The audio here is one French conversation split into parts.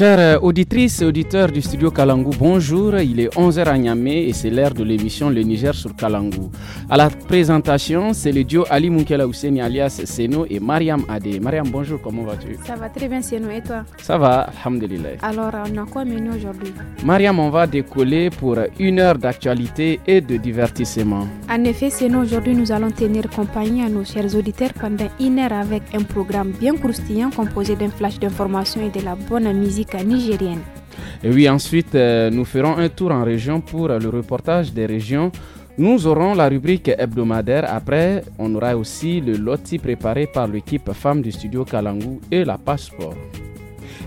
Chères auditrices et auditeurs du studio Kalangou, bonjour. Il est 11h à Niamey et c'est l'heure de l'émission Le Niger sur Kalangou. À la présentation, c'est le duo Ali Moukela Housseni alias Seno et Mariam Adé. Mariam, bonjour, comment vas-tu Ça va très bien, Seno, et toi Ça va, Alhamdulillah. Alors, on a quoi menu aujourd'hui Mariam, on va décoller pour une heure d'actualité et de divertissement. En effet, Seno, aujourd'hui, nous allons tenir compagnie à nos chers auditeurs pendant une heure avec un programme bien croustillant composé d'un flash d'informations et de la bonne musique nigérienne. Et oui, ensuite, euh, nous ferons un tour en région pour le reportage des régions. Nous aurons la rubrique hebdomadaire. Après, on aura aussi le loti préparé par l'équipe femme du studio Kalangou et la passeport.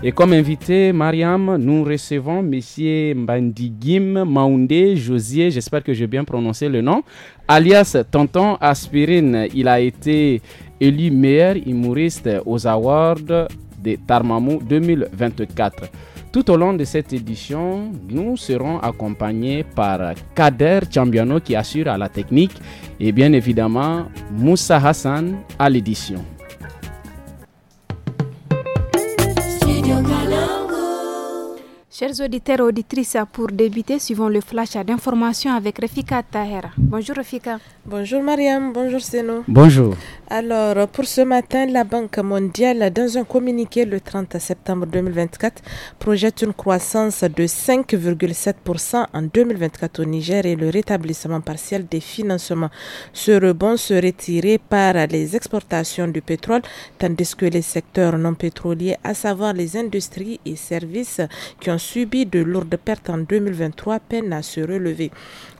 Et comme invité, Mariam, nous recevons Monsieur Mbandigim Maoundé Josier, j'espère que j'ai bien prononcé le nom, alias Tonton Aspirine. Il a été élu meilleur humoriste aux Awards de Tarmamou 2024. Tout au long de cette édition, nous serons accompagnés par Kader Chambiano qui assure à la technique et bien évidemment Moussa Hassan à l'édition. Chers auditeurs et auditrices, pour débuter, suivons le flash d'information avec Refika Tahera. Bonjour Refika. Bonjour Mariam, bonjour Seno. Bonjour. Alors, pour ce matin, la Banque mondiale, dans un communiqué le 30 septembre 2024, projette une croissance de 5,7% en 2024 au Niger et le rétablissement partiel des financements. Ce rebond serait tiré par les exportations du pétrole, tandis que les secteurs non pétroliers, à savoir les industries et services qui ont subi de lourdes pertes en 2023, peinent à se relever.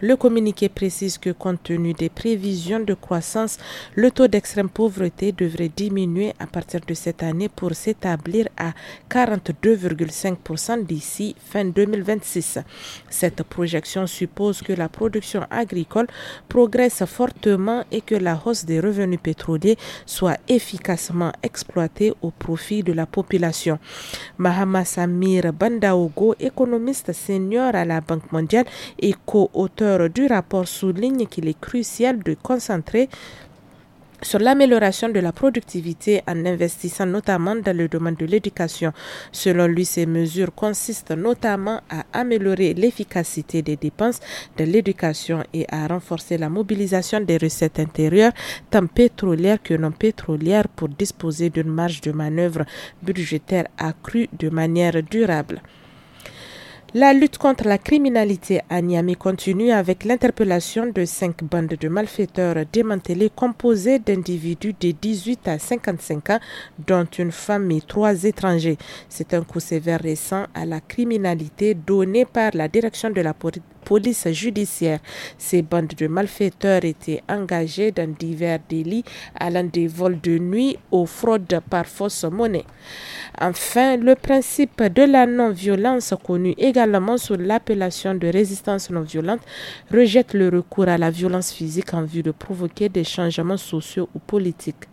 Le communiqué précise que compte tenu des prévisions de croissance, le taux la pauvreté devrait diminuer à partir de cette année pour s'établir à 42,5% d'ici fin 2026. Cette projection suppose que la production agricole progresse fortement et que la hausse des revenus pétroliers soit efficacement exploitée au profit de la population. Mahama Samir Bandaogo, économiste senior à la Banque mondiale et co-auteur du rapport, souligne qu'il est crucial de concentrer sur l'amélioration de la productivité en investissant notamment dans le domaine de l'éducation. Selon lui, ces mesures consistent notamment à améliorer l'efficacité des dépenses de l'éducation et à renforcer la mobilisation des recettes intérieures, tant pétrolières que non pétrolières, pour disposer d'une marge de manœuvre budgétaire accrue de manière durable. La lutte contre la criminalité à Niamey continue avec l'interpellation de cinq bandes de malfaiteurs démantelées composées d'individus de 18 à 55 ans, dont une femme et trois étrangers. C'est un coup sévère récent à la criminalité donné par la direction de la police police judiciaire. Ces bandes de malfaiteurs étaient engagées dans divers délits allant des vols de nuit aux fraudes par fausse monnaie. Enfin, le principe de la non-violence, connu également sous l'appellation de résistance non-violente, rejette le recours à la violence physique en vue de provoquer des changements sociaux ou politiques.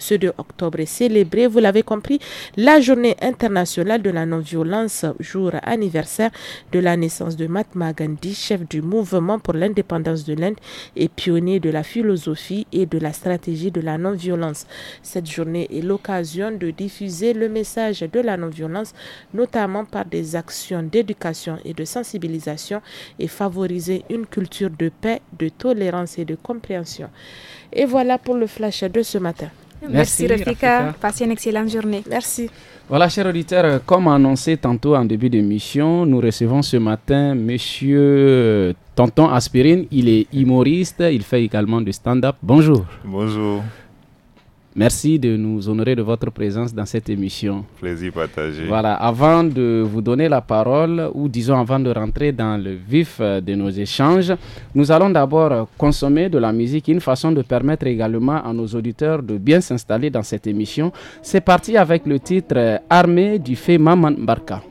Ce 2 octobre est célébré, vous l'avez compris, la journée internationale de la non-violence, jour anniversaire de la naissance de Mahatma Gandhi, chef du mouvement pour l'indépendance de l'Inde et pionnier de la philosophie et de la stratégie de la non-violence. Cette journée est l'occasion de diffuser le message de la non-violence, notamment par des actions d'éducation et de sensibilisation et favoriser une culture de paix, de tolérance et de compréhension. Et voilà pour le flash de ce matin. Merci, Rebecca. Passez une excellente journée. Merci. Voilà, chers auditeurs, comme annoncé tantôt en début d'émission, nous recevons ce matin Monsieur Tonton Aspirine. Il est humoriste, il fait également du stand-up. Bonjour. Bonjour. Merci de nous honorer de votre présence dans cette émission. Plaisir partagé. Voilà, avant de vous donner la parole, ou disons avant de rentrer dans le vif euh, de nos échanges, nous allons d'abord consommer de la musique, une façon de permettre également à nos auditeurs de bien s'installer dans cette émission. C'est parti avec le titre euh, Armée du fait Maman Barka.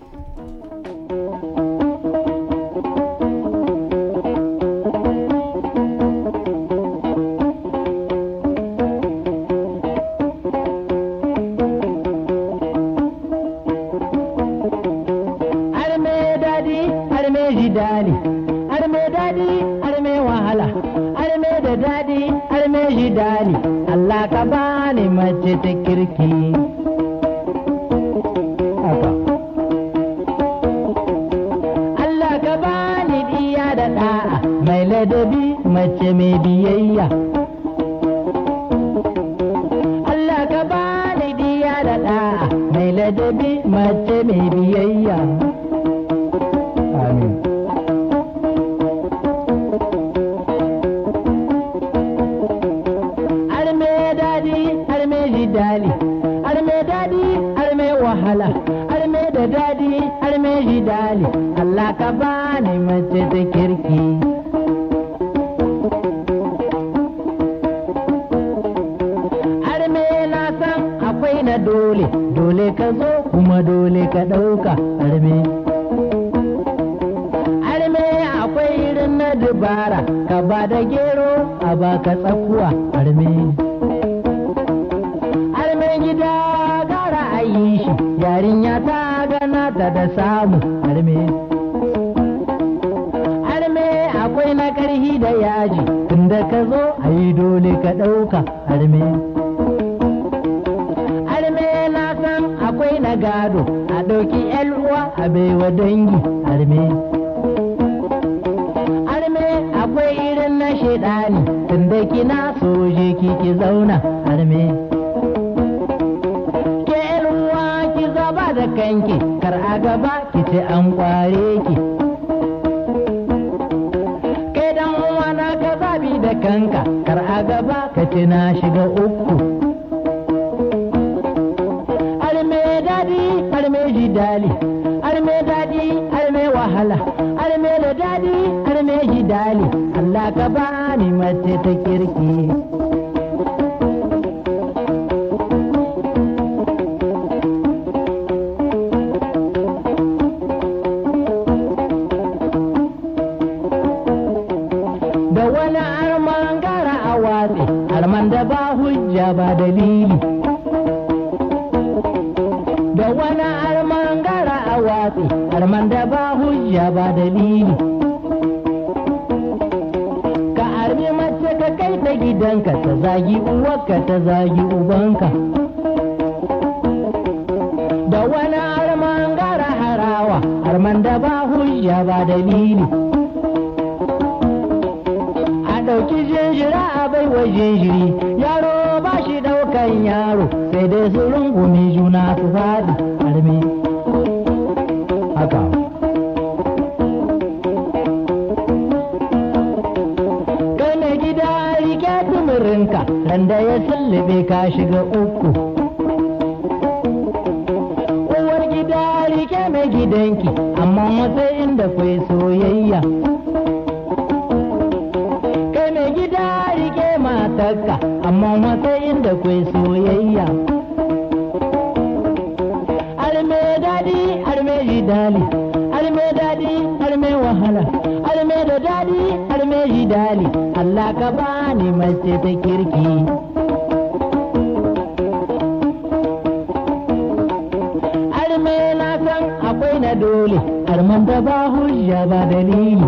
ka bani mace ta kirki. Allah ka bani diya da ɗa'a mai ladabi mace mai biyayya. Allah ka bani diya da ɗa'a mai ladabi mace mai biyayya. ta daɗi har mai shi dali Allah ka bani mace ta kirki. Har mai na san akwai na dole, dole ka zo kuma dole ka ɗauka har Har mai akwai irin na dubara, ka ba da gero a baka tsakuwa har mai. yarinya ta da samu arme arme akwai na karhi da yaji tunda ka zo a yi dole ka ɗauka arme arme na san akwai na gado a ɗauki uwa a baiwa dangi arme arme akwai irin na shaidani tunda kina soje ki ki zauna arme kanki kar a gaba ki ce an kware ki kai dan na ka zabi da kanka kar a gaba ka ce na shiga uku arme dadi arme dali, arme dadi arme wahala arme da dadi arme dali, Allah ka ba ba dalili da wani arman gara a watsi arman da ba hujja ba dalili ka armi mace ka kai ta gidanka ta zagi uwarka ta zagi ubanka da wani arman gara harawa arman da ba hujja ba dalili ɗauki jinjira a baiwa jinjiri ya kan yaro sai dai su rungumi juna su faɗi armi haka kana gida rike tumurinka da ya sallube ka shiga uku uwar gida rike mai gidanki amma matsayin da kwai soyayya da kun soyayya arme daɗi arme dali, arme daɗi arme wahala arme da daɗi arme dali, Allah ka bani mace ta kirki arme na san akwai na dole arman da ba hujja ba dalili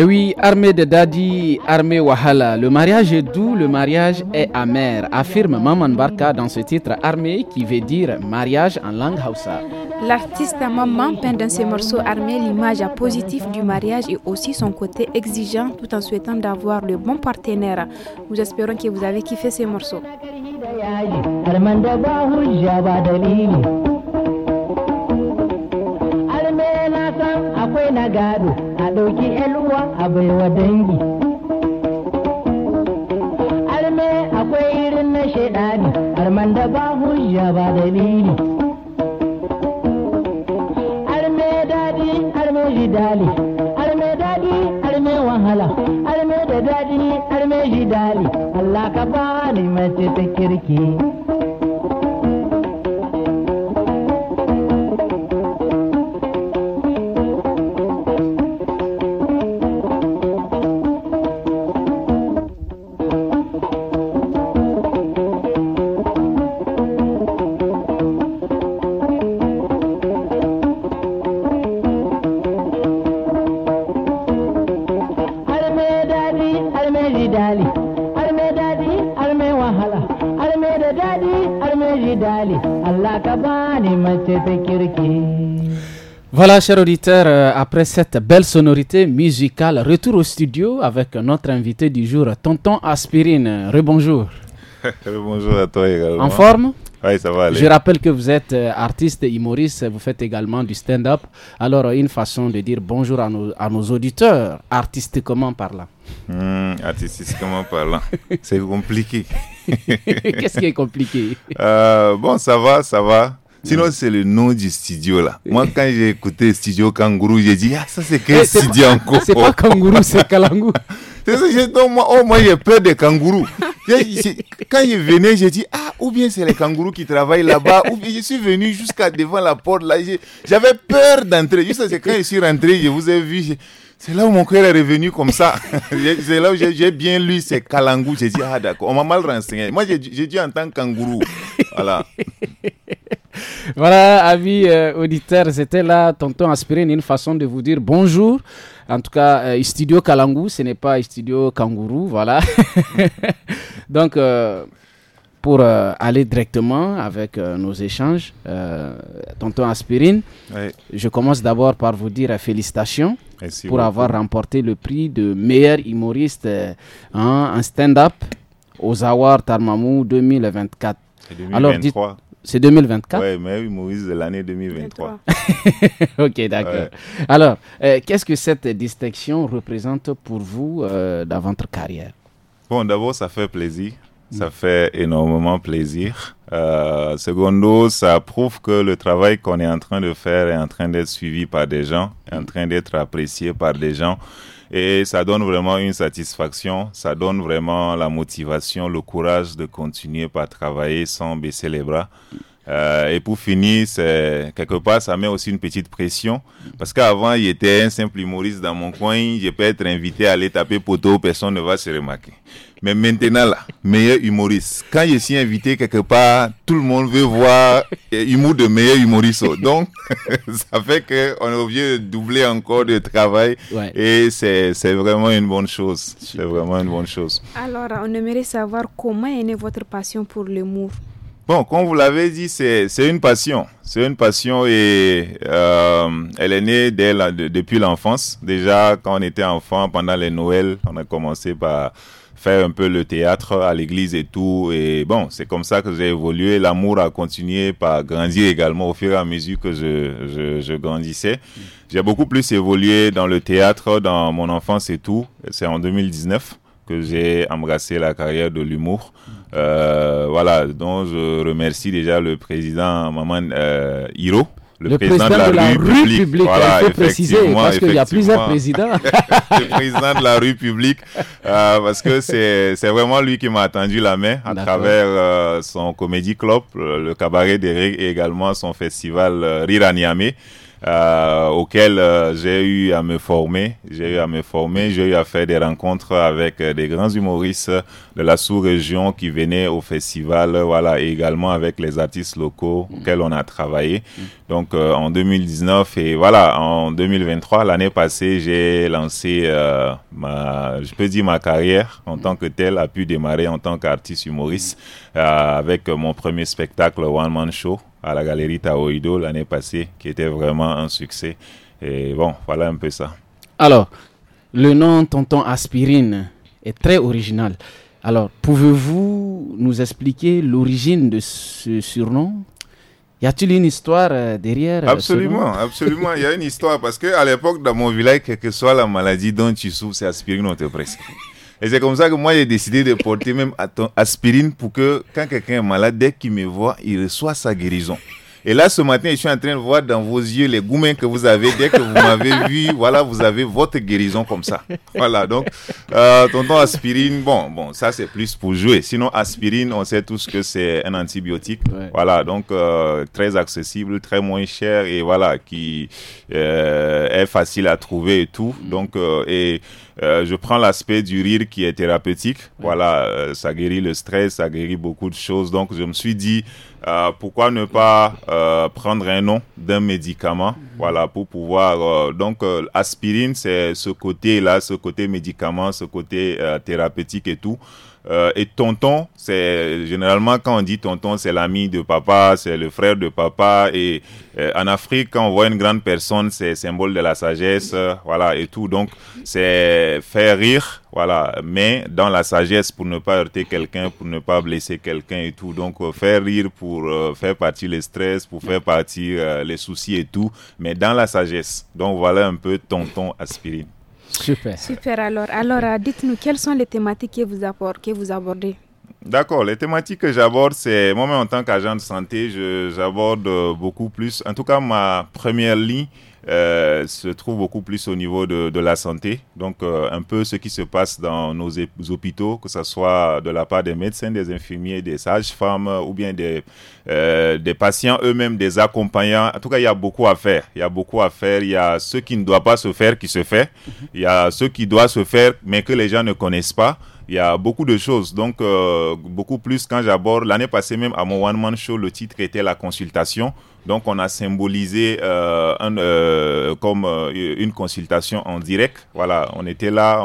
Ewi arme da daɗi armée armé Wahala. Le mariage est doux, le mariage est amer, affirme Maman Barka dans ce titre armé qui veut dire mariage en langue Hausa. L'artiste Maman peint dans ses morceaux armés l'image positive du mariage et aussi son côté exigeant tout en souhaitant d'avoir le bon partenaire. Nous espérons que vous avez kiffé ces morceaux. shaidani arman da ba hujja ba dalili arme daɗi arme shi dali arme daɗi arme wahala arme da daɗi arme shi dali Allah ka bani mace ta kirki Voilà, chers auditeurs, euh, après cette belle sonorité musicale, retour au studio avec notre invité du jour, Tonton Aspirine. Rebonjour. Bonjour à toi également. En forme Oui, ça va aller. Je rappelle que vous êtes euh, artiste et humoriste, vous faites également du stand-up. Alors, une façon de dire bonjour à nos, à nos auditeurs, artistiquement parlant. Mmh, artistiquement parlant, c'est compliqué. Qu'est-ce qui est compliqué euh, Bon, ça va, ça va. Sinon, c'est le nom du studio là. Moi, quand j'ai écouté Studio Kangourou, j'ai dit, ah, ça c'est quel eh, studio encore C'est pas Kangourou, c'est Kalangu. c'est ça, j'ai moi, oh, moi j'ai peur des kangourous. quand je venais, j'ai dit, ah, ou bien c'est les kangourous qui travaillent là-bas, ou bien je suis venu jusqu'à devant la porte là. J'avais peur d'entrer. Juste c'est quand je suis rentré, je vous ai vu. C'est là où mon cœur est revenu comme ça. c'est là où j'ai bien lu C'est kalangou. J'ai dit, ah d'accord, on m'a mal renseigné. Moi, j'ai dit en tant que kangourou. Voilà. voilà, amis euh, auditeurs, c'était là Tonton Aspirine, une façon de vous dire bonjour. En tout cas, euh, Studio Kalangu, ce n'est pas Studio Kangourou, voilà. Donc, euh, pour aller directement avec nos échanges, Tonton Aspirine, je commence d'abord par vous dire félicitations pour avoir remporté le prix de meilleur humoriste en stand-up aux Awards Tarmamou 2024. Alors, dites, c'est 2024 Oui, mais oui, Moïse, c'est l'année 2023. ok, d'accord. Alors, euh, qu'est-ce que cette distinction représente pour vous euh, dans votre carrière Bon, d'abord, ça fait plaisir. Mm. Ça fait énormément plaisir. Euh, secondo, ça prouve que le travail qu'on est en train de faire est en train d'être suivi par des gens, est en mm. train d'être apprécié par des gens. Et ça donne vraiment une satisfaction, ça donne vraiment la motivation, le courage de continuer par travailler sans baisser les bras. Euh, et pour finir, c'est quelque part, ça met aussi une petite pression. Parce qu'avant, j'étais un simple humoriste dans mon coin. Je peux être invité à aller taper poteau, personne ne va se remarquer. Mais maintenant, là, meilleur humoriste. Quand je suis invité quelque part, tout le monde veut voir euh, humour de meilleur humoriste. Donc, ça fait qu'on est obligé de doubler encore de travail. Et c'est vraiment une bonne chose. C'est vraiment une bonne chose. Alors, on aimerait savoir comment est née votre passion pour l'humour. Bon, comme vous l'avez dit, c'est une passion. C'est une passion et euh, elle est née dès depuis l'enfance. Déjà, quand on était enfant, pendant les Noëls, on a commencé par faire un peu le théâtre à l'église et tout. Et bon, c'est comme ça que j'ai évolué. L'amour a continué par grandir également au fur et à mesure que je, je grandissais. J'ai beaucoup plus évolué dans le théâtre, dans mon enfance et tout. C'est en 2019 que j'ai embrassé la carrière de l'humour. Euh, voilà, donc je remercie déjà le président Maman euh, Hiro. Le, président, de, la rue, publique. Rue Voilà, préciser, parce qu'il y a plusieurs présidents. le président de la rue publique, parce que c'est vraiment lui qui m'a tendu la main à travers euh, son comédie club, le cabaret des règles et également son festival euh, euh, auquel euh, j'ai eu à me former. J'ai eu à me former, j'ai eu à faire des rencontres avec euh, des grands humoristes de la sous-région qui venaient au festival, voilà, et également avec les artistes locaux mm. auxquels on a travaillé. Donc euh, en 2019 et voilà, en 2023, l'année passée, j'ai lancé ma, je peux dire ma carrière en tant que telle a pu démarrer en tant qu'artiste humoriste avec mon premier spectacle One Man Show à la galerie Taoido l'année passée, qui était vraiment un succès. Et bon, voilà un peu ça. Alors, le nom Tonton Aspirine est très original. Alors, pouvez-vous nous expliquer l'origine de ce surnom y a-t-il une histoire euh, derrière euh, Absolument, absolument. Il y a une histoire parce que à l'époque, dans mon village, quelle que soit la maladie dont tu souffres, c'est aspirine, on te prescrit. Et c'est comme ça que moi, j'ai décidé de porter même aspirine pour que quand quelqu'un est malade, dès qu'il me voit, il reçoit sa guérison. Et là, ce matin, je suis en train de voir dans vos yeux les goumins que vous avez. Dès que vous m'avez vu, voilà, vous avez votre guérison comme ça. Voilà, donc, euh, tonton aspirine, bon, bon, ça c'est plus pour jouer. Sinon, aspirine, on sait tous que c'est un antibiotique. Voilà, donc euh, très accessible, très moins cher et voilà, qui euh, est facile à trouver et tout. Mm. Donc, euh, et je prends l'aspect du rire qui est thérapeutique. Voilà, ça guérit le stress, ça guérit beaucoup de choses. Donc, je me suis dit, euh, pourquoi ne pas euh, prendre un nom d'un médicament mhm. Voilà, pour pouvoir. Euh, donc, aspirine, c'est ce côté-là, ce côté médicament, ce côté thérapeutique et tout. Euh, et tonton, c'est généralement quand on dit tonton, c'est l'ami de papa, c'est le frère de papa. Et euh, en Afrique, quand on voit une grande personne, c'est symbole de la sagesse, voilà et tout. Donc c'est faire rire, voilà, mais dans la sagesse pour ne pas heurter quelqu'un, pour ne pas blesser quelqu'un et tout. Donc euh, faire rire pour faire partir les stress, pour faire partir les soucis et tout, mais dans la sagesse. Donc voilà un peu tonton aspirine. Super. Super alors. Alors euh, dites-nous quelles sont les thématiques que vous, que vous abordez D'accord, les thématiques que j'aborde, c'est moi-même en tant qu'agent de santé, j'aborde beaucoup plus, en tout cas ma première ligne, euh, se trouve beaucoup plus au niveau de, de la santé. Donc, euh, un peu ce qui se passe dans nos hôpitaux, que ce soit de la part des médecins, des infirmiers, des sages-femmes euh, ou bien des, des patients eux-mêmes, des accompagnants. En tout cas, il y a beaucoup à faire. Il y a beaucoup à faire. Il y a ce qui ne doit pas se faire qui se fait. Il y a ce qui doit se faire mais que les gens ne connaissent pas. Il y a beaucoup de choses. Donc, euh, beaucoup plus quand j'aborde. L'année passée, même à mon One Man Show, le titre était La consultation. Donc, on a symbolisé euh, un, euh, comme une consultation en direct. Voilà, on était là,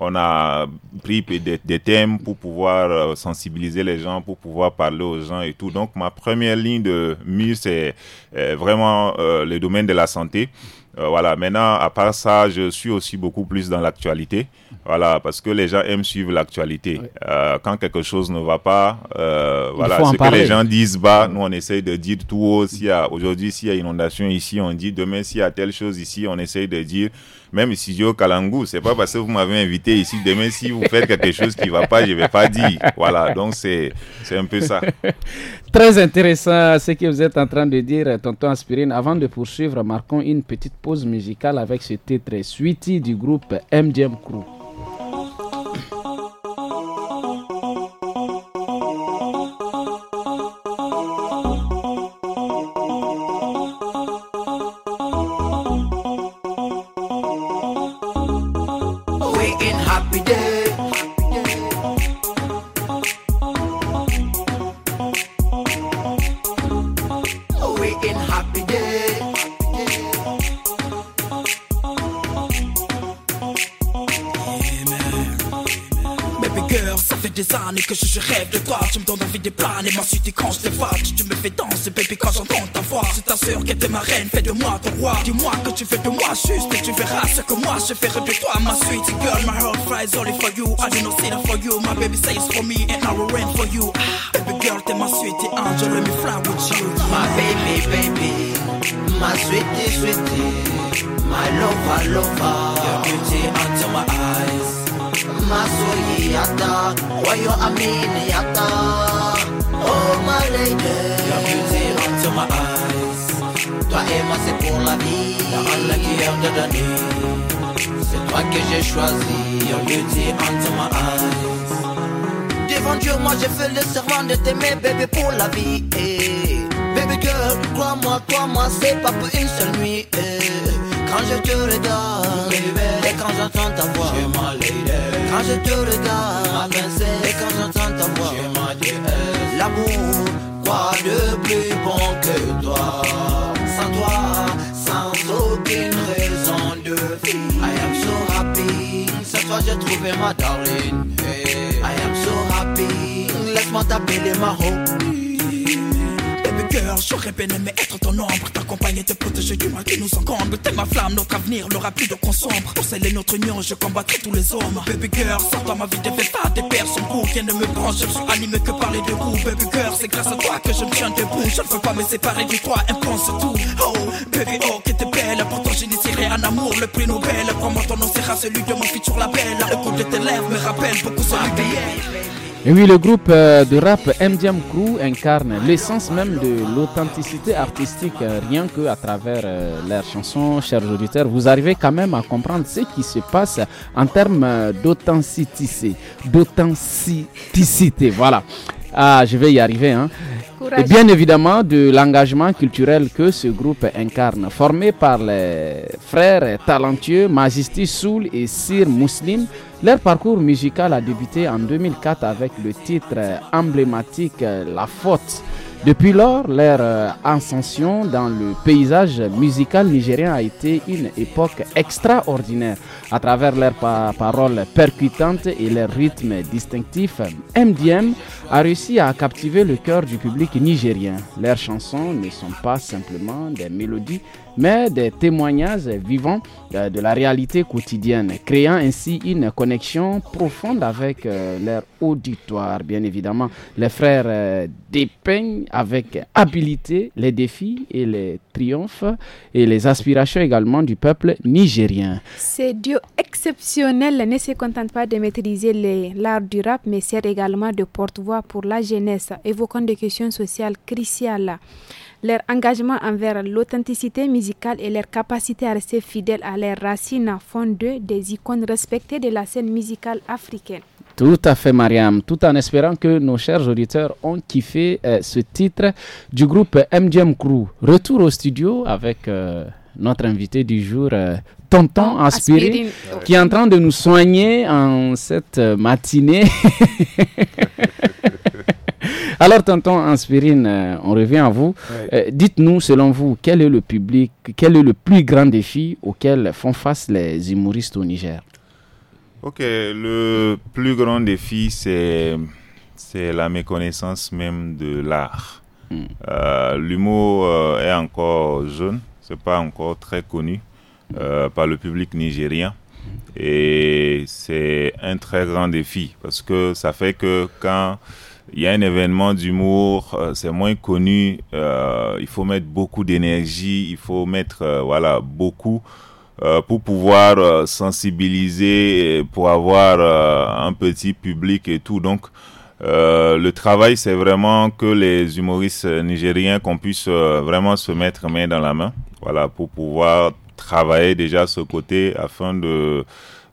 on, a pris des, thèmes pour pouvoir sensibiliser les gens, pour pouvoir parler aux gens et tout. Donc, ma première ligne de mire, c'est vraiment le domaine de la santé. Euh, voilà, maintenant, à part ça, je suis aussi beaucoup plus dans l'actualité. Voilà, parce que les gens aiment suivre l'actualité. Euh, quand quelque chose ne va pas, euh, voilà, ce que les gens disent bah, nous on essaye de dire tout haut. Si aujourd'hui, s'il y a inondation ici, on dit demain, s'il y a telle chose ici, on essaye de dire même si au Kalangu, c'est pas parce que vous m'avez invité ici. Demain, si vous faites quelque chose qui va pas, je vais pas dire. Voilà, donc c'est un peu ça. Très intéressant ce que vous êtes en train de dire, tonton Aspirine. Avant de poursuivre, marquons une petite pause musicale avec ce titre suite du groupe MDM Crew. que je, rêve de toi Tu me donnes envie de planer, suite Et quand je te vois Tu me fais danser, baby, quand j'entends ta voix C'est ta sœur qui était ma reine, fais de moi ton roi Dis-moi que tu fais de moi juste et tu verras ce que moi je ferai de toi Ma sweet girl, my heart flies only for you I do not see that for you, my baby says for me And I will rain for you ah, Baby girl, t'es ma sweetie angel, let me fly with you My baby, baby My sweetie, sweetie My lover, lover Your beauty under my eyes Oh my lady into Toi et moi c'est pour la vie La la qui de C'est toi que j'ai choisi Your beauty into my eyes Devant Dieu moi j'ai fait le serment de t'aimer bébé pour la vie hey. Eh, baby girl crois-moi crois-moi c'est pas pour une seule nuit eh, Quand je te regarde Et quand j'entends ta voix Je quand je te regarde, et quand j'entends ta voix. L'amour, quoi de plus bon que toi Sans toi, sans aucune raison de vie. I am so happy, cette fois j'ai trouvé ma darling. I am so happy, laisse-moi t'appeler ma homie cœur. J'aurais bien aimé être ton ombre, t'accompagner, te protéger du mal qui nous encombre. T'es ma flamme, notre avenir, n'aura plus de consombre. Pour sceller notre union, je combattrai tous les hommes. Baby girl, sans toi ma vie ne fais pas des pères sont Qui ne de me branche, je suis animé que parler les deux Baby girl, c'est grâce à toi que je me tiens debout. Je ne veux pas me séparer du toi, impense tout. Oh, baby, oh, qui t'es belle. Pourtant, j'initierai un amour, le prix Nobel. Comment ton nom sera celui de mon futur label. Le coup de tes lèvres me rappelle beaucoup celui de et oui, le groupe euh, de rap MDM Crew incarne l'essence même de l'authenticité artistique, euh, rien que à travers euh, leurs chansons, chers auditeurs, vous arrivez quand même à comprendre ce qui se passe en termes d'authenticité, d'authenticité, voilà. Ah, je vais y arriver. Hein. Et bien évidemment de l'engagement culturel que ce groupe incarne. Formé par les frères talentueux Majesty Soul et Sir Muslim, leur parcours musical a débuté en 2004 avec le titre emblématique La Faute. Depuis lors, leur ascension dans le paysage musical nigérien a été une époque extraordinaire. À travers leurs paroles percutantes et leurs rythmes distinctifs, MDM a réussi à captiver le cœur du public nigérien. Leurs chansons ne sont pas simplement des mélodies mais des témoignages vivants euh, de la réalité quotidienne, créant ainsi une connexion profonde avec euh, leur auditoire. Bien évidemment, les frères euh, dépeignent avec habilité les défis et les triomphes et les aspirations également du peuple nigérien. Ces dieux exceptionnels ne se contentent pas de maîtriser l'art du rap, mais sert également de porte-voix pour la jeunesse, évoquant des questions sociales cruciales. Leur engagement envers l'authenticité musicale et leur capacité à rester fidèles à leurs racines font d'eux des icônes respectées de la scène musicale africaine. Tout à fait, Mariam, tout en espérant que nos chers auditeurs ont kiffé euh, ce titre du groupe MGM Crew. Retour au studio avec euh, notre invité du jour, euh, Tonton Aspiré, qui est en train de nous soigner en cette matinée. Alors, tonton Anspirine, euh, on revient à vous. Euh, dites-nous, selon vous, quel est le public, quel est le plus grand défi auquel font face les humoristes au Niger Ok, le plus grand défi, c'est la méconnaissance même de l'art. Hmm. Euh, l'humour est encore jeune, c'est pas encore très connu par le public nigérien. Et c'est un très grand défi parce que ça fait que quand il y a un événement d'humour, euh, c'est moins connu, euh, il faut mettre beaucoup d'énergie, il faut mettre euh, voilà beaucoup euh, pour pouvoir euh, sensibiliser, pour avoir un petit public et tout. Donc le travail, c'est vraiment que les humoristes nigériens qu'on puisse vraiment se mettre main dans la main, voilà, pour pouvoir travailler déjà ce côté afin de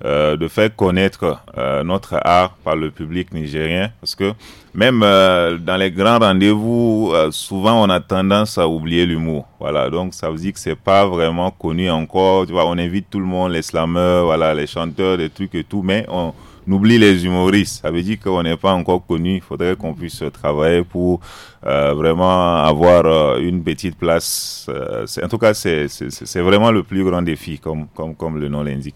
euh, de faire connaître euh, notre art par le public nigérien. Parce que même euh, dans les grands rendez-vous, souvent on a tendance à oublier l'humour. Voilà, donc ça veut dire que c'est pas vraiment connu encore. Tu vois, on invite tout le monde, les slameurs, voilà, les chanteurs, des trucs et tout, mais on oublie les humoristes. Ça veut dire qu'on n'est pas encore connu. Il faudrait qu'on puisse travailler pour vraiment avoir une petite place. en tout cas, c'est vraiment le plus grand défi, comme, comme, comme le nom l'indique.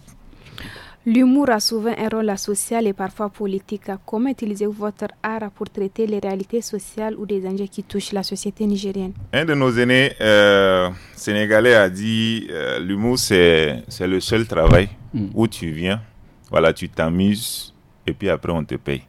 L'humour a souvent un rôle social et parfois politique. Comment utilisez-vous votre art pour traiter les réalités sociales ou des enjeux qui touchent la société nigérienne Un de nos aînés euh, sénégalais a dit euh, l'humour, c'est le seul travail hmm. où tu viens, voilà, tu t'amuses et puis après on te paye.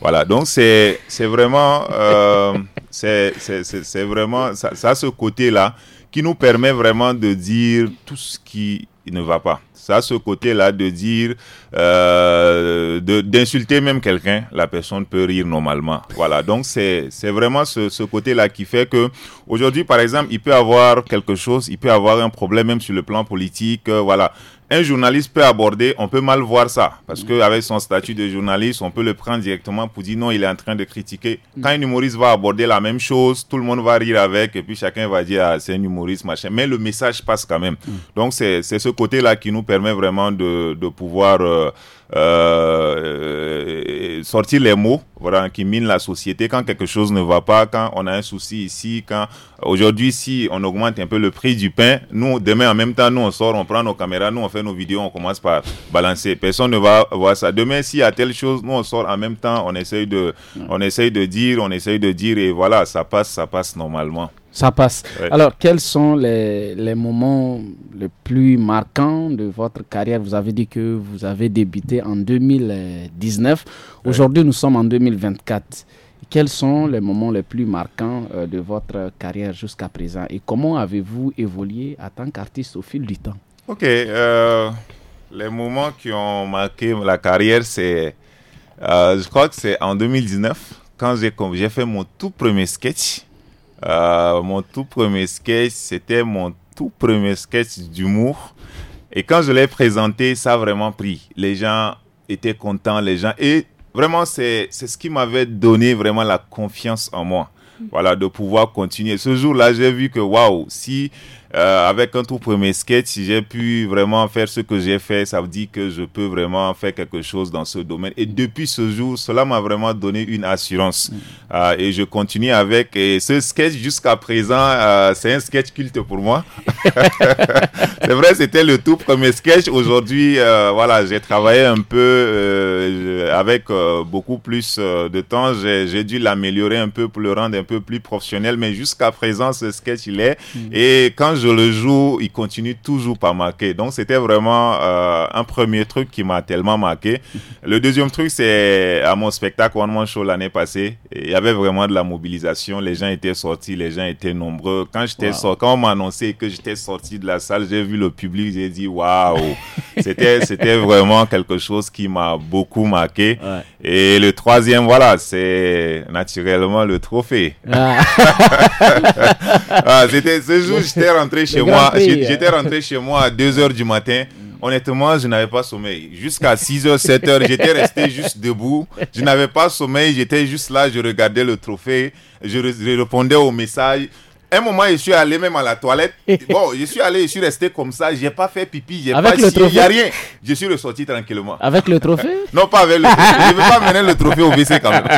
Voilà, donc c'est vraiment, euh, c'est vraiment ça, ça ce côté-là qui nous permet vraiment de dire tout ce qui il ne va pas. Ça, ce côté-là de dire, euh, d'insulter même quelqu'un, la personne peut rire normalement. Voilà, donc c'est vraiment ce, côté-là qui fait que aujourd'hui, par exemple, il peut avoir quelque chose, il peut avoir un problème même sur le plan politique, euh, voilà un journaliste peut aborder, on peut mal voir ça, parce qu'avec son statut de journaliste, on peut le prendre directement pour dire non, il est en train de critiquer. Mm. Quand un humoriste va aborder la même chose, tout le monde va rire avec, et puis chacun va dire, ah, c'est un humoriste, machin. Mais le message passe quand même. Mm. Donc c'est ce côté-là qui nous permet vraiment de, de pouvoir... Euh, euh, sortir les mots voilà, qui minent la société quand quelque chose ne va pas, quand on a un souci ici, quand aujourd'hui si on augmente un peu le prix du pain, nous demain en même temps nous on sort, on prend nos caméras, nous on fait nos vidéos, on commence par balancer. Personne ne va voir ça. Demain s'il y a telle chose, nous on sort en même temps, on essaye de, on essaye de dire, on essaye de dire et voilà, ça passe, ça passe normalement. Ça passe. Alors, quels sont les, moments les plus marquants de votre carrière Vous avez dit que vous avez débuté en 2019. Aujourd'hui, nous sommes en 2024. Quels sont les moments les plus marquants euh, de votre carrière jusqu'à présent et comment avez-vous évolué en tant qu'artiste au fil du temps Ok, euh, les moments qui ont marqué la carrière, c'est, euh, je crois que c'est en 2019 quand j'ai fait mon tout premier sketch. Euh, mon tout premier sketch, c'était mon tout premier sketch d'humour. Et quand je l'ai présenté, ça a vraiment pris. Les gens étaient contents, les gens. Et vraiment, c'est ce qui m'avait donné vraiment la confiance en moi. Mm. Voilà, de pouvoir continuer. Ce jour-là, j'ai vu que, waouh, si euh, avec un tout premier sketch, j'ai pu vraiment faire ce que j'ai fait. Ça veut dit que je peux vraiment faire quelque chose dans ce domaine. Et depuis ce jour, cela m'a vraiment donné une assurance. Mm. Euh, et je continue avec. Et ce sketch, jusqu'à présent, euh, c'est un sketch culte pour moi. c'est vrai, c'était le tout premier sketch. Aujourd'hui, voilà, j'ai travaillé un peu avec beaucoup plus de temps. J'ai dû l'améliorer un peu pour le rendre un peu plus professionnel. Mais jusqu'à présent, ce sketch, il est. Mm. Et quand je le joue, il continue toujours pas marqué, Donc c'était vraiment euh, un premier truc qui m'a tellement marqué. Le deuxième truc, c'est à mon spectacle One Man Show l'année passée, il y avait vraiment de la mobilisation. Les gens étaient sortis, les gens étaient nombreux. Quand j'étais sorti, quand on m'a annoncé que j'étais sorti de la salle, j'ai vu le public, j'ai dit waouh. c'était c'était vraiment quelque chose qui m'a beaucoup marqué. Et le troisième, voilà, c'est naturellement le trophée. Ah. Ah, c'était ce jour, j'étais chez moi, j'étais hein. rentré chez moi à 2h du matin. Mm. Honnêtement, je n'avais pas sommeil. Jusqu'à 6h, 7h, j'étais resté juste debout. Je n'avais pas sommeil, j'étais juste là, je regardais le trophée, je, je répondais aux messages un moment, je suis allé même à la toilette. Eh. Bon, je suis allé, je suis resté comme ça. Je n'ai pas fait pipi, j'ai pas il n'y a rien. Je suis ressorti tranquillement. Avec le trophée Non, pas avec le trophée. je ne vais pas mener le trophée au WC quand même.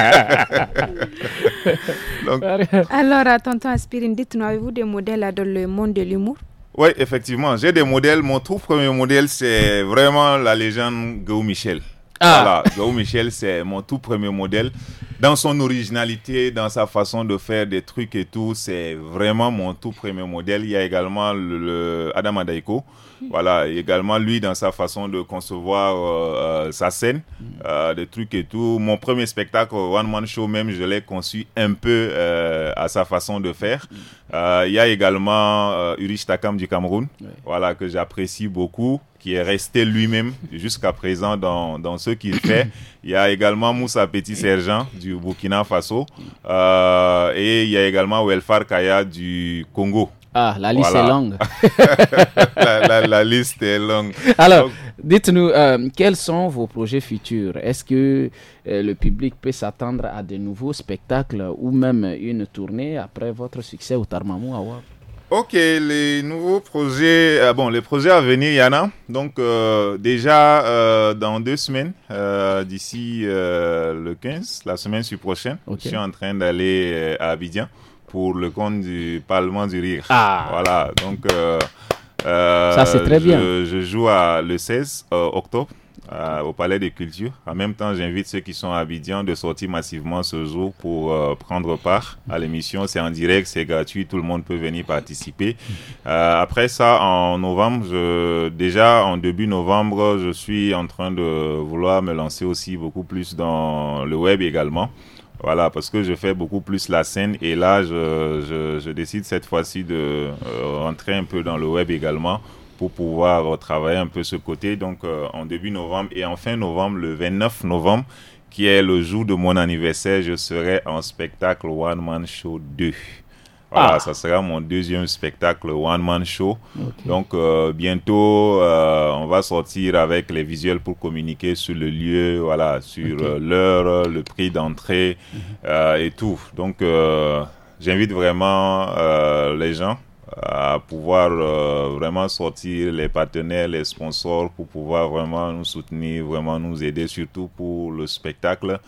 Alors, Alors, tonton Aspirine, dites-nous, avez-vous des modèles dans le monde de l'humour Oui, effectivement. J'ai des modèles. Mon tout premier modèle, c'est vraiment la légende Go Michel. Ah. Voilà, Joe Michel, c'est mon tout premier modèle. Dans son originalité, dans sa façon de faire des trucs et tout, c'est vraiment mon tout premier modèle. Il y a également le, Adam Adaiko. Voilà, également lui dans sa façon de concevoir euh, euh, sa scène, mm. euh, des trucs et tout. Mon premier spectacle, One Man Show même, je l'ai conçu un peu à sa façon de faire. Mm. Il y a également Urich Takam du Cameroun, voilà, que j'apprécie beaucoup qui est resté lui-même jusqu'à présent dans, ce qu'il fait. Il y a également Moussa Petit Sergent du Burkina Faso mm. et il y a également Welfar Kaya du Congo. Ah, la liste est longue. la, liste est longue. Alors, dites-nous, euh, quels sont vos projets futurs Est-ce que euh, le public peut s'attendre à de nouveaux spectacles ou même une tournée après votre succès au Tarmamou Ok, les nouveaux projets, euh, bon, les projets à venir, il y en a. Donc, déjà dans deux semaines, d'ici le 15, la semaine suivante prochaine, je suis en train d'aller à Abidjan pour le compte du Parlement du Rire. Ah. Voilà, donc. Euh, euh, ça, c'est très je, bien. Je joue le 16 euh, octobre au Palais des Cultures. En même temps, j'invite ceux qui sont à Abidjan de sortir massivement ce jour pour prendre part à l'émission. C'est en direct, c'est gratuit, tout le monde peut venir participer. après ça, en novembre, je, déjà en début novembre, je suis en train de vouloir me lancer aussi beaucoup plus dans le web également. Voilà, parce que je fais beaucoup plus la scène et là, je, je, décide cette fois-ci de euh, rentrer un peu dans le web également pour pouvoir travailler un peu ce côté. Donc, euh, en début novembre et en fin novembre, le 29 novembre, qui est le jour de mon anniversaire, je serai en spectacle One Man Show 2. Voilà, ah. ça sera mon deuxième spectacle One Man Show. Donc euh, bientôt, euh, on va sortir avec les visuels pour communiquer sur le lieu, voilà, sur euh, l'heure, le prix d'entrée mhm. et tout. Donc j'invite vraiment les gens à pouvoir vraiment sortir les partenaires, les sponsors pour pouvoir vraiment nous soutenir, vraiment nous aider, surtout pour le spectacle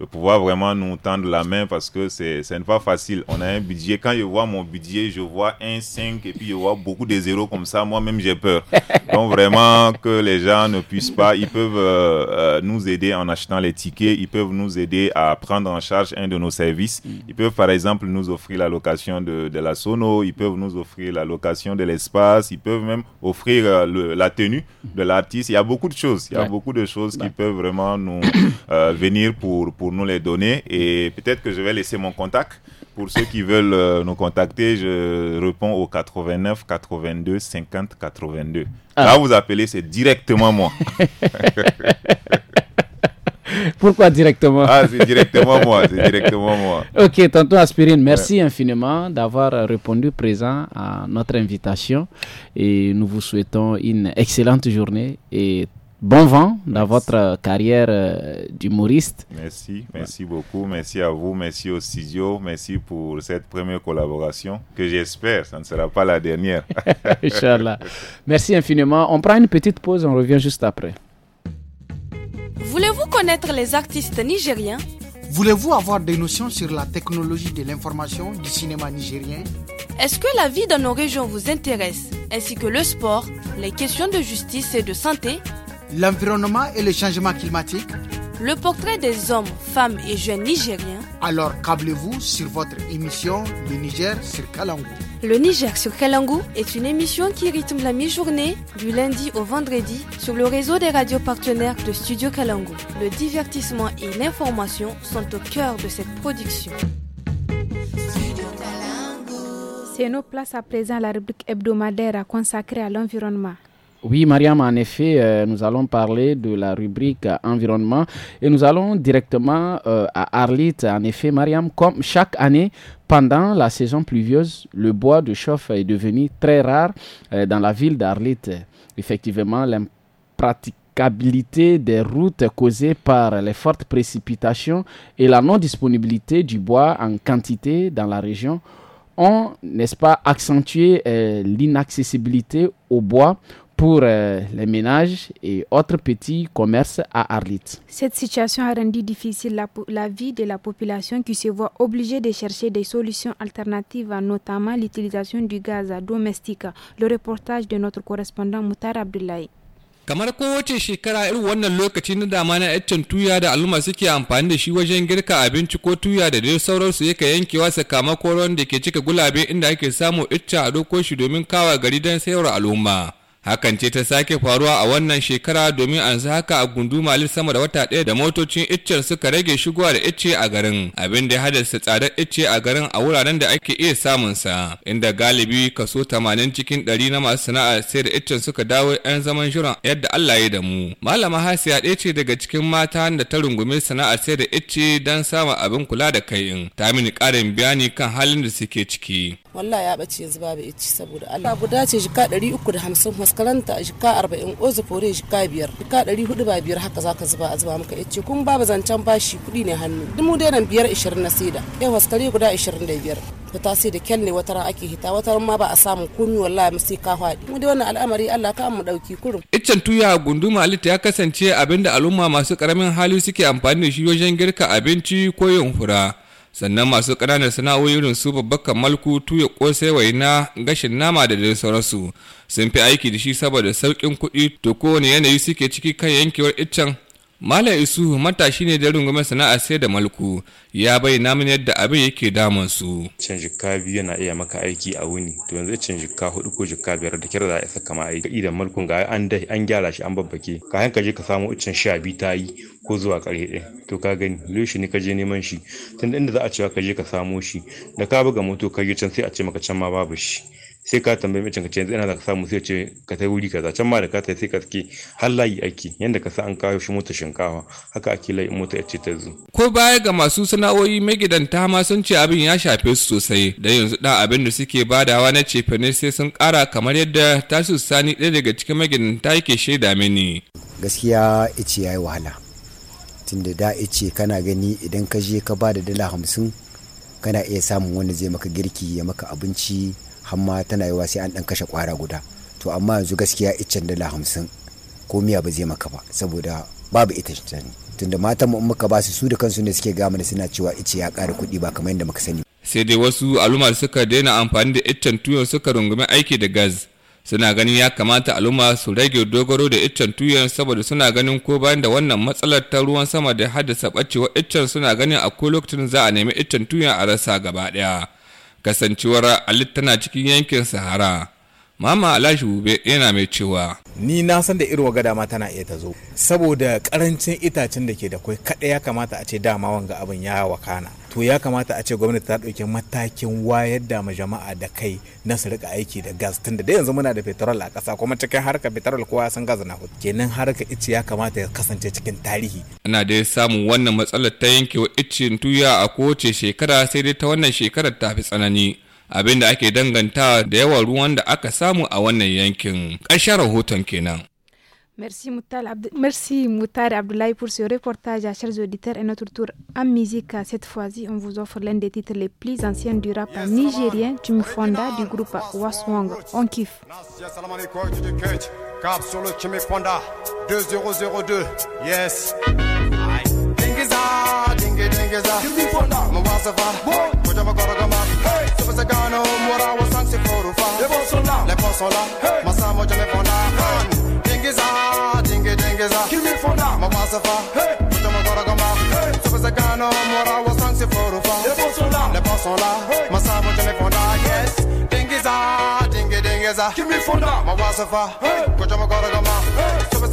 de pouvoir vraiment nous tendre la main parce que c'est n'est pas facile. On a un budget. Quand je vois mon budget, je vois un 5 et puis je vois beaucoup de zéros comme ça. Moi-même, j'ai peur. Donc vraiment que les gens ne puissent pas. Ils peuvent euh, euh, nous aider en achetant les tickets. Ils peuvent nous aider à prendre en charge un de nos services. Mm. Ils peuvent par exemple nous offrir la location de, de la sono. Ils peuvent nous offrir la location de l'espace. Ils peuvent même offrir euh, la tenue de l'artiste. Il y a beaucoup de choses. Il y a beaucoup de choses qui peuvent vraiment nous venir pour, pour nous les donner. Et peut-être que je vais laisser mon contact. Pour ceux qui veulent euh, nous contacter, je réponds au 89 82 50 82. Là, vous appelez, c'est directement moi. Pourquoi directement Ah, c'est directement moi, c'est directement moi. Ok, Tonton Aspirine, merci infiniment d'avoir euh, répondu présent à notre invitation et nous vous souhaitons une excellente journée et bon vent dans votre carrière euh, d'humoriste. Merci, merci beaucoup. Merci à vous, merci au studio, merci pour cette première collaboration que j'espère, ça ne sera pas la dernière. Inch'Allah. Merci infiniment. On prend une petite pause, on revient juste après. Voulez-vous connaître les artistes nigériens Voulez-vous avoir des notions sur la technologie de l'information du cinéma nigérien Est-ce que la vie dans nos régions vous intéresse, ainsi que le sport, les questions de justice et de santé l'environnement et le changement climatique, le portrait des hommes, femmes et jeunes nigériens. Alors câblez-vous sur votre émission Le Niger sur Kalangou. Le Niger sur Kalangou est une émission qui rythme la mi-journée du lundi au vendredi sur le réseau des radios partenaires de Studio Kalangou. Le divertissement et l'information sont au cœur de cette production. C'est nos places à présent la rubrique hebdomadaire consacrée à l'environnement. Oui, Mariam, en effet, euh, nous allons parler de la rubrique environnement et nous allons directement euh, à Arlit. En effet, Mariam, comme chaque année, pendant la saison pluvieuse, le bois de chauffe est devenu très rare euh, dans la ville d'Arlit. Effectivement, l'impraticabilité des routes causées par les fortes précipitations et la non-disponibilité du bois en quantité dans la région ont, n'est-ce pas, accentué l'inaccessibilité au bois pour euh, les ménages et autres petits commerces à Arlit. Cette situation a rendu difficile la, la, vie de la population qui se voit obligée de chercher des solutions alternatives, notamment l'utilisation du gaz domestique. Le reportage de notre correspondant Moutar Abdullahi. kamar kowace shekara irin wannan lokaci na dama na yaccen tuya da al'umma suke amfani da shi wajen girka abinci ko tuya da dai sauransu yake yankewa sakamakon ruwan da ke cika gulabe inda ake samu icce a doko shi domin kawa gari don sayarwa al'umma hakan ce ta sake faruwa a wannan shekara domin an haka a gunduma lil sama da wata ɗaya da motocin iccen suka rage shigowa da icce a garin abin da ya haddasa tsadar icce a garin a wuraren da ake iya samun sa inda galibi kaso tamanin cikin 100 na masu sana'a sai da iccen suka dawo yan zaman jiran yadda Allah ya da mu malama Hasiya ɗaya ce daga cikin mata da ta rungume sana'a sai da icce don samun abin kula da kai in ta mini ƙarin bayani kan halin da suke ciki wallahi ya bace yanzu babu ita saboda Allah guda ce jika 350 maskaranta jika 40 ozu fore jika 5 jika 400 ba biyar haka zaka zuba a zuba maka ice kun babu zancen bashi kudi ne hannu duk mu dai nan biyar 20 na saida eh waskare guda 25 fita sai da kyan wata ran ake hita wata ran ma ba a samu komi wallahi sai ka faɗi mu dai wannan al'amari Allah ka mu dauki kurum iccen tuya gunduma alita ya kasance abinda al'umma masu karamin hali suke amfani da shi wajen girka abinci ko yin hura sannan masu ƙananan sana'o'i irin su babbar kamalku tuya ƙosai waina gashin nama da dai sauransu sun fi aiki da shi saboda sauƙin kuɗi to kowane yanayi suke ciki kan yankewar iccen Malam Isu matashi ne da rungumar sana'a sai da malku ya bai mini yadda abin yake damun su. Can jikka biyu yana iya maka aiki a wuni to yanzu can jikka hudu ko jikka biyar da kyar za a saka ma aiki. Idan malkun ga an da an gyara shi an babbake kayan ka je ka samu ucin sha biyu ta yi ko zuwa kare ɗaya to ka gani loshi ne ka je neman shi tun inda za a cewa ka je ka samo shi da ka buga moto ka je can sai a ce maka can ma babu shi. sai ka tambayi mai ka ce yanzu ina za ka samu sai ce ka tai wuri kaza can ma da ka tai sai ka sake har layi ake yanda ka sa an kawo shi mota shinkawa haka ake layi mota ya ce ta zu. ko baya ga masu sana'o'i magidanta ma sun ce abin ya shafe su sosai da yanzu da abin da suke badawa na cefane sai sun kara kamar yadda tasu sani ɗaya daga cikin magidanta yake shaida mini. gaskiya ice ya yi wahala tunda da ice kana gani idan ka je ka ba da dala hamsin kana iya samun wanda zai maka girki ya maka abinci hamma tana yawa sai an dan kashe kwara guda to amma yanzu gaskiya iccen dala hamsin ko miya ba zai maka ba saboda babu ita shi ne tunda matan mu muka ba su su da kansu ne suke gama suna cewa ice ya ƙara kuɗi ba kamar yadda muka sani sai dai wasu al'umma suka daina amfani da iccen tuyon suka rungumi aiki da gas suna ganin ya kamata al'umma su rage dogaro da iccen tuyon saboda suna ganin ko bayan da wannan matsalar ta ruwan sama da haddasa ɓacewa iccen suna ganin akwai lokacin za a nemi iccen tuyon a rasa gaba ɗaya kasancewar alit tana cikin yankin sahara mama alashi bube yana mai cewa ni na san da irin gada dama tana iya ta zo saboda karancin itacen da ke da kwai kaɗai ya kamata a ce dama wanga abin ya wakana to ya kamata a ce gwamnati ta ɗauki matakin wayar da ma jama'a da kai na su rika aiki da gas tun da yanzu muna da petrol a ƙasa kuma cikin harka petrol kowa san gas na hudu kenan harka ice ya kamata ya kasance cikin tarihi ana dai samun wannan matsalar ta yankewa icin tuya a kowace shekara sai dai ta wannan shekarar ta fi tsanani abin da ake danganta da yawan ruwan da aka samu a wannan yankin ƙarshen rahoton kenan Merci Moutar, Merci Abdoulaye pour ce reportage à chers auditeurs et notre tour en musique. Cette fois-ci, on vous offre l'un des titres les plus anciens du rap yes, nigérien, Tumfonda du groupe Waswang. On kiffe. Cap sur le Chimifonda 2002. Yes. Dingiza, dingi dingiza. Chimifonda. Mwazava. Kujama gama. Hey. Sufasagano, mwara wasansi korufa. Lebonsola. Lebonsola. Hey. Masamo Chimifonda. Hey. chiesa me mi fonda? Ma passa fa hey. Facciamo ancora gamba hey. Se pensa che non muora o foro fa Le posso là Le posso là hey. Ma sa voce ne fonda Yes dingi Dinghi dinghisa Chi mi fonda? Ma passa fa hey. Facciamo ancora gamba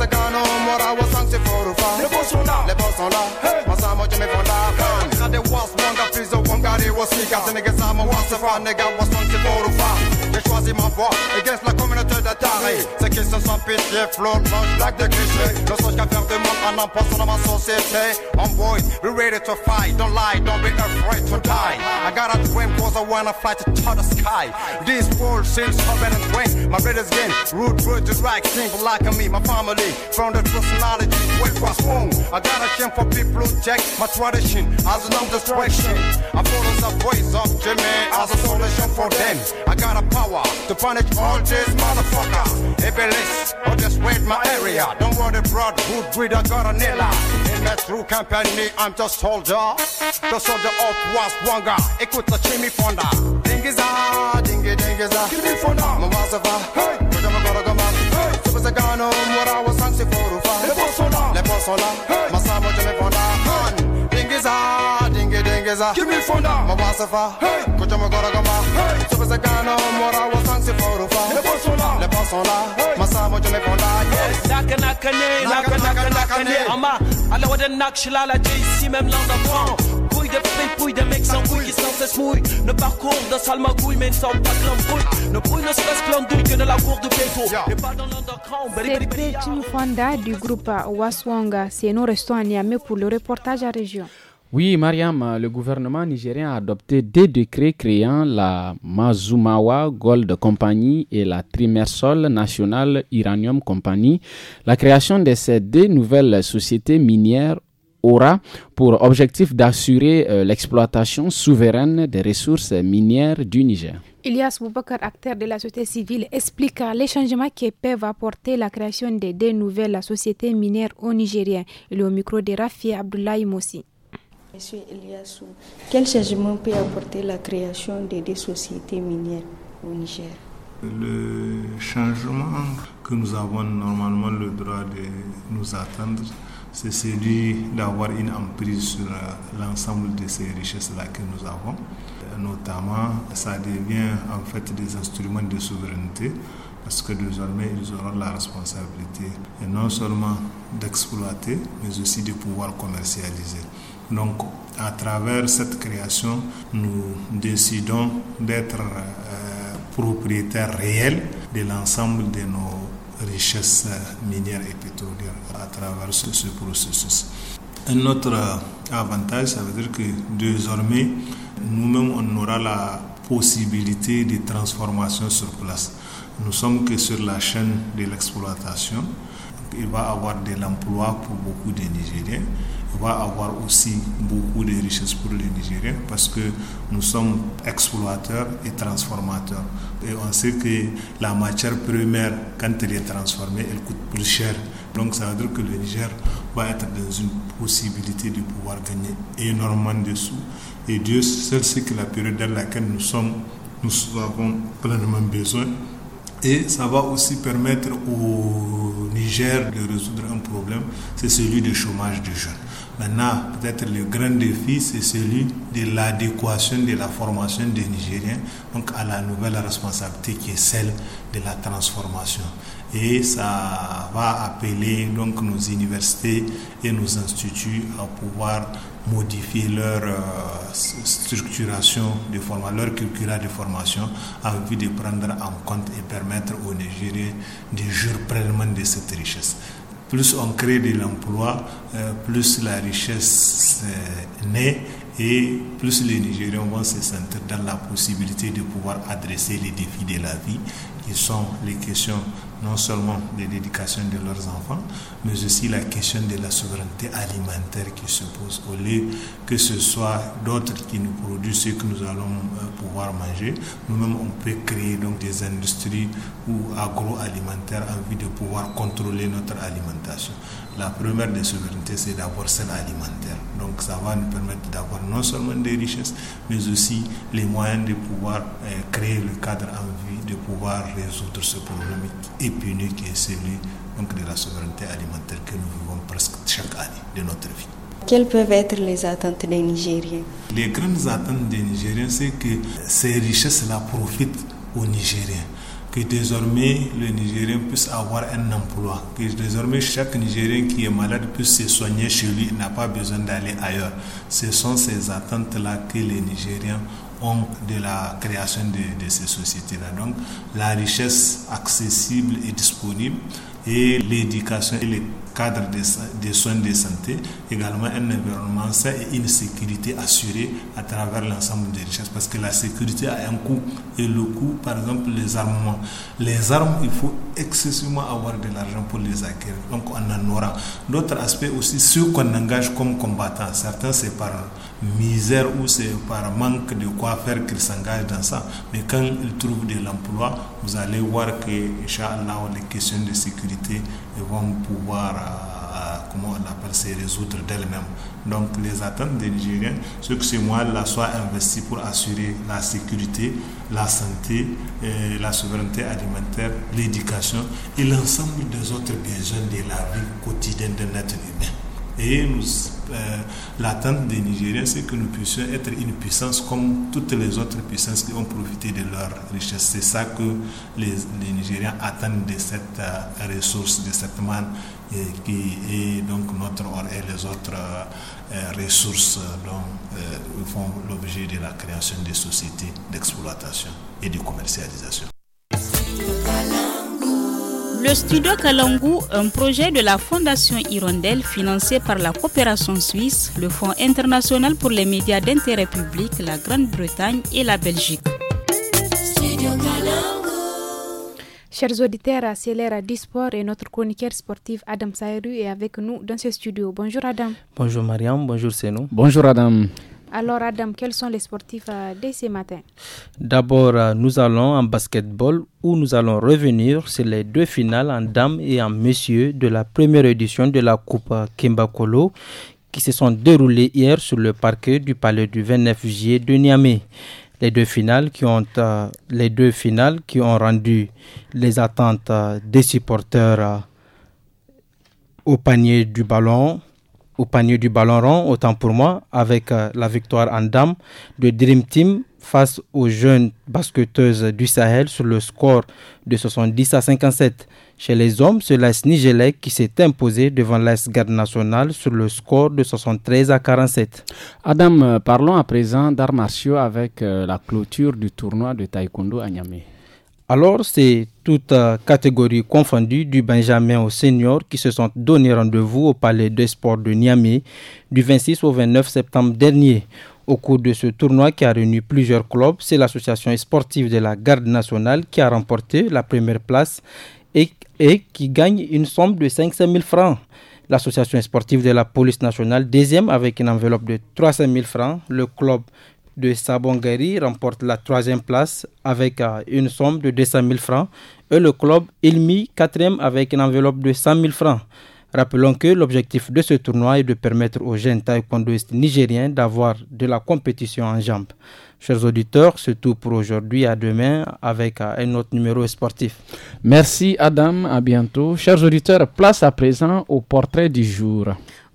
Gargano, Mora, was sanctified. Les boss sont là, les boss sont là. Ensemble, je me font la peine. Now they was one, got plus one, got it was sneaker. Ce nigga, ça me was fan. fun, nigga, was sanctified. J'ai choisi ma voie, against la communauté de tarés. Ceux qui sont sans pitié, flot, mange, black, de cliché. Ne songe qu'à faire du monde en empoisson dans ma société. On boy, we ready to fight. Don't lie, don't be afraid to die. I got a dream, cause I wanna fly to touch the sky. This world seems open and twin. My brother's game, root, root, just right, simple like me, my family from the personality where I swung. I gotta came for people who check my tradition as an distraction, I follow the voice of Jimmy as a solution for them. I got a power to punish all these motherfuckers. Iblis, I just wait my area. Don't worry, broad hood greed, I got a nilla. In that true company, I'm just soldier. The soldier of was wanga. It could touch me fonda. Dingiza, dingy dingiza. Give me fonda. Mawazava, hey se gano oh, mora wa sansi forufa oh, leposola leposola masabo jeme fonda han dingiza dingi dingiza give me fonda mabasafa hey kucha magora gama hey sobe se gano mora wa sansi forufa leposola leposola masabo jeme fonda yes nak nak ne nak nak nak ne ama ala wadan nak shilala jisi mem langa fond couilles, des fripouilles, des mecs sans couilles qui sans cesse mouillent. Ne parcours d'un sale magouille, mais ne sont pas de l'embrouille. Ne brûle ne serait-ce que l'andouille que de la cour de C'était Tim Fonda du groupe Waswanga. C'est nous restons à Niamey pour le reportage à région. Oui, Mariam, le gouvernement nigérien a adopté des décrets créant la Mazumawa Gold Company et la Trimersol National Uranium Company. La création de ces deux nouvelles sociétés minières aura pour objectif d'assurer euh, l'exploitation souveraine des ressources minières du Niger. Elias Boubacar, acteur de la société civile, explique les changements qui peuvent apporter la création des deux nouvelles sociétés minières au Nigérien. Le micro de Rafi Abdoulaye Mossi. Monsieur Elias, quel changement peut apporter la création de des sociétés minières au Niger Le changement que nous avons normalement le droit de nous attendre, c'est celui d'avoir une emprise sur euh, l'ensemble de ces richesses-là que nous avons. Notamment, ça devient en fait des instruments de souveraineté parce que désormais, ils auront la responsabilité non seulement d'exploiter, mais aussi de pouvoir commercialiser. Donc, à travers cette création, nous décidons d'être euh, propriétaires réels de l'ensemble de nos richesses euh, minières et pétrolières à travers ce, processus. Un autre euh, avantage, ça veut dire que désormais, nous-mêmes, on aura la possibilité de transformation sur place. Nous sommes que sur la chaîne de l'exploitation. Il va y avoir de l'emploi pour beaucoup de Nigériens. Il va y avoir aussi beaucoup de richesses pour les Nigériens parce que nous sommes exploiteurs et transformateurs. Et on sait que la matière première, quand elle est transformée, elle coûte plus cher donc ça veut dire que le Niger va être dans une possibilité de pouvoir gagner énormément de sous. Et Dieu seul sait que la période dans laquelle nous sommes, nous avons pleinement besoin. Et ça va aussi permettre au Niger de résoudre un problème, c'est celui du chômage des jeunes. Maintenant, peut-être le grand défi, c'est celui de l'adéquation de la formation des Nigériens donc à la nouvelle responsabilité qui est celle de la transformation. Et ça va appeler donc nos universités et nos instituts à pouvoir modifier leur euh, structuration de formation, leur curricula de formation en vue de prendre en compte et permettre aux Nigériens de jouir pleinement de cette richesse plus on crée de l'emploi, euh, plus la richesse euh, naît et plus les Nigériens vont se sentir dans la possibilité de pouvoir adresser les défis de la vie, qui sont les questions non seulement de dédications de leurs enfants, mais aussi la question de la souveraineté alimentaire qui se pose. Au lieu que ce soit d'autres qui nous produisent ce que nous allons euh, pouvoir manger, nous-mêmes on peut créer donc des industries ou agroalimentaires en vue de pouvoir contrôler notre alimentation. La première des souverainetés, c'est d'avoir celle alimentaire. Donc ça va nous permettre d'avoir non seulement des richesses, mais aussi les moyens de pouvoir euh, créer le cadre en vue de pouvoir résoudre ce problème épineux qui est celui donc, de la souveraineté alimentaire que nous vivons presque chaque année de notre vie. Quelles peuvent être les attentes des Nigériens Les grandes attentes des Nigériens, c'est que ces richesses-là profitent aux Nigériens que désormais le Nigérien puisse avoir un emploi, que désormais chaque Nigérien qui est malade puisse se soigner chez lui, n'a pas besoin d'aller ailleurs. Ce sont ces attentes-là que les Nigériens de la création de, de ces sociétés-là. Donc la richesse accessible et disponible et l'éducation et les cadre des, soins de santé, également un environnement sain et une sécurité assurée à travers l'ensemble des richesses. Parce que la sécurité a un coût. Et le coût, par exemple, les armements. Les armes, il faut excessivement avoir de l'argent pour les acquérir. Donc on en aura. D'autres aspects aussi, ceux qu'on engage comme combattants, certains c'est par misère ou c'est par manque de quoi faire qu'ils s'engagent dans ça. Mais quand ils trouvent de l'emploi, vous allez voir que, Inch'Allah, les questions de sécurité vont pouvoir, euh, comment on appelle, se résoudre d'elles-mêmes. Donc les attentes des Nigériens, ce que ces moyens-là soient investis pour assurer la sécurité, la santé, et euh, la souveraineté alimentaire, l'éducation et l'ensemble des autres besoins de la vie quotidienne de être humain. Et euh, l'attente des Nigériens, c'est que nous puissions être une puissance comme toutes les autres puissances qui ont profité de leur richesse. C'est ça que les, Nigériens attendent de cette euh, ressource, de cette manne, qui est donc notre or et les autres euh, ressources dont font l'objet de la création des sociétés d'exploitation et de commercialisation. Le studio Kalangu, un projet de la Fondation Hirondelle financé par la coopération suisse, le Fonds international pour les médias d'intérêt public, la Grande-Bretagne et la Belgique. Chers auditeurs, c'est l'ère à et notre chroniqueur sportif Adam Saheru est avec nous dans ce studio. Bonjour Adam. Bonjour Mariam, bonjour Seno. Bonjour Adam. Alors Adam, quels sont les sportifs euh, dès ce matin D'abord, euh, nous allons en basketball où nous allons revenir sur les deux finales en dames et en messieurs de la première édition de la Coupe Kimbakolo qui se sont déroulées hier sur le parquet du palais du 29 juillet de Niamey. Les deux finales qui ont, euh, les deux finales qui ont rendu les attentes des supporters au panier du ballon au panier du ballon rond, autant pour moi, avec euh, la victoire en dame de Dream Team face aux jeunes basketteuses du Sahel sur le score de 70 à 57. Chez les hommes, c'est l'AS Nigelec qui s'est imposé devant l'AS Garde nationale sur le score de 73 à 47. Adam, euh, parlons à présent d'arts martiaux avec euh, la clôture du tournoi de taekwondo à Niamey. Alors, c'est toute euh, catégorie confondue, du Benjamin au senior, qui se sont donné rendez-vous au Palais des Sports de Niamey du 26 au 29 septembre dernier. Au cours de ce tournoi qui a réuni plusieurs clubs, c'est l'association sportive de la Garde nationale qui a remporté la première place et, qui gagne une somme de 500 000 francs. L'association sportive de la police nationale, deuxième avec une enveloppe de 300 000 francs. Le club de Sabongari remporte la troisième place avec euh, une somme de 200 000 francs et le club Ilmi quatrième avec une enveloppe de 100 000 francs. Rappelons que l'objectif de ce tournoi est de permettre aux jeunes taekwondoistes nigériens d'avoir de la compétition en jambes. Chers auditeurs, c'est tout pour aujourd'hui. À demain avec euh, un autre numéro sportif. Merci Adam, à bientôt. Chers auditeurs, place à présent au portrait du jour.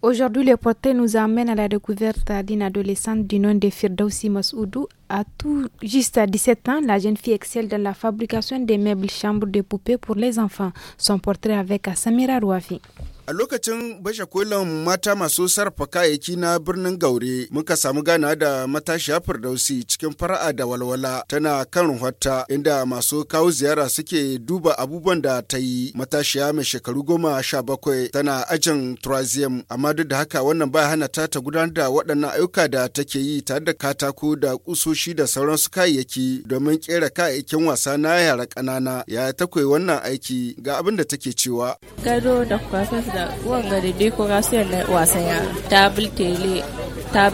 Aujourd'hui, le portrait nous amène à la découverte d'une adolescente du nom de Firdausi Masoudou. À tout juste à 17 ans, la jeune fille excelle dans la fabrication des meubles chambres de poupées pour les enfants. Son portrait avec Samira Rouafi. A lokacin bashe kolin mata masu sarrafa kayayyaki na birnin Gaure muka samu gana da matashiya Firdausi cikin fara'a da walwala tana kan ruhatta inda masu kawo ziyara suke duba abubuwan da ta yi matashiya mai shekaru goma sha bakwai tana ajin Trazium amma duk da haka wannan ba hana ta ta gudanar da waɗannan ayyuka da take yi tare da katako da kusoshi da sauran sauransu kayayyaki domin kera kayayyakin wasa na yara ƙanana ya ta koyi wannan aiki ga abin da take cewa. da wanga da decoration na wasan yara tabul tele a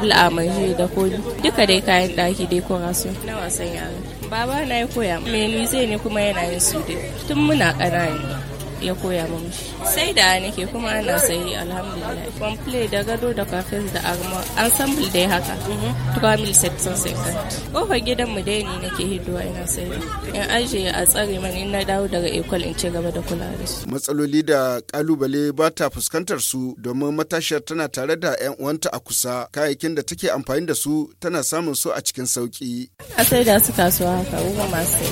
da koli duka dai kayan daki decoration na wasan yara baba na ya koya mai zai ne kuma yana yin su dai tun muna ƙanana ya koya mu shi sai da nake kuma ana sai alhamdulillah complete da gado da kafin da arma ensemble dai haka mhm. tuka mil section second gidan mu dai ne nake hidowa ina sai in aje a tsare mani na dawo daga ecole in ci gaba da kula da su matsaloli da kalubale ba ta fuskantar su domin matashiyar tana tare da yan uwanta a kusa kayayyakin da take amfani da su tana samun su a cikin sauki a sai da su kasuwa haka goma masu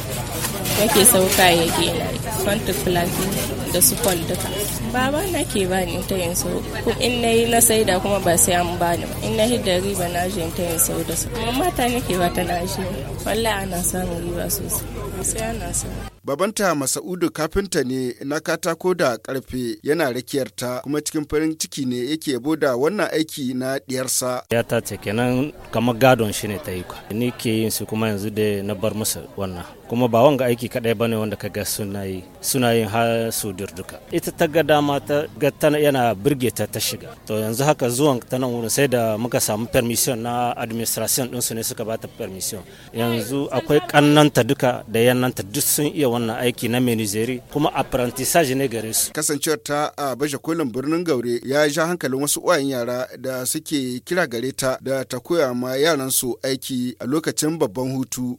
nake sauka yake na contact planting da su kwal duka baba na ke bani ta yin sau in na yi na saida kuma ba sai an bani ba in na hidda riba na je ta yin sau da su amma mata nake ba ta na shi wallahi ana samun riba sosai sai ana samu Babanta Masa'udu kafinta ne na katako da karfe yana ta kuma cikin farin ciki ne yake yabo da wannan aiki na diyarsa. Ya ta ce kenan kamar gadon shi ne ta yi Ni ke yin su kuma yanzu da na bar musu wannan. kuma ba wanga aiki kadai ba ne wanda kaga suna yi suna yin har su duka ita ta ga dama ta ga tana yana birge ta ta shiga to yanzu haka zuwan ta nan wurin sai da muka samu permission na administration din su ne suka bata permission yanzu akwai kannanta duka da yannanta duk sun iya wannan aiki na menizeri kuma apprentissage ne gare su kasancewar ta a baje kolin birnin gaure ya ja hankalin wasu uwayen yara da suke kira gare ta da ta koya ma yaran su aiki a lokacin babban hutu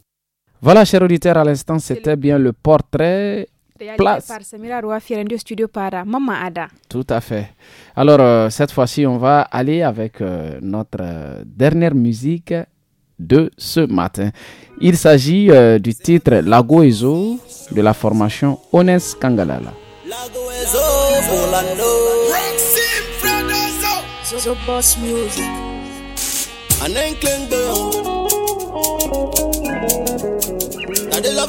Voilà, chers auditeurs, à l'instant, c'était bien le portrait Place. par Samira Roy Studio par euh, Mama Ada. Tout à fait. Alors, euh, cette fois-ci, on va aller avec euh, notre euh, dernière musique de ce matin. Il s'agit euh, du titre Lago Ezo de la formation Ones Kangalala. Lago Ezo, Volando. Boss Music. An de la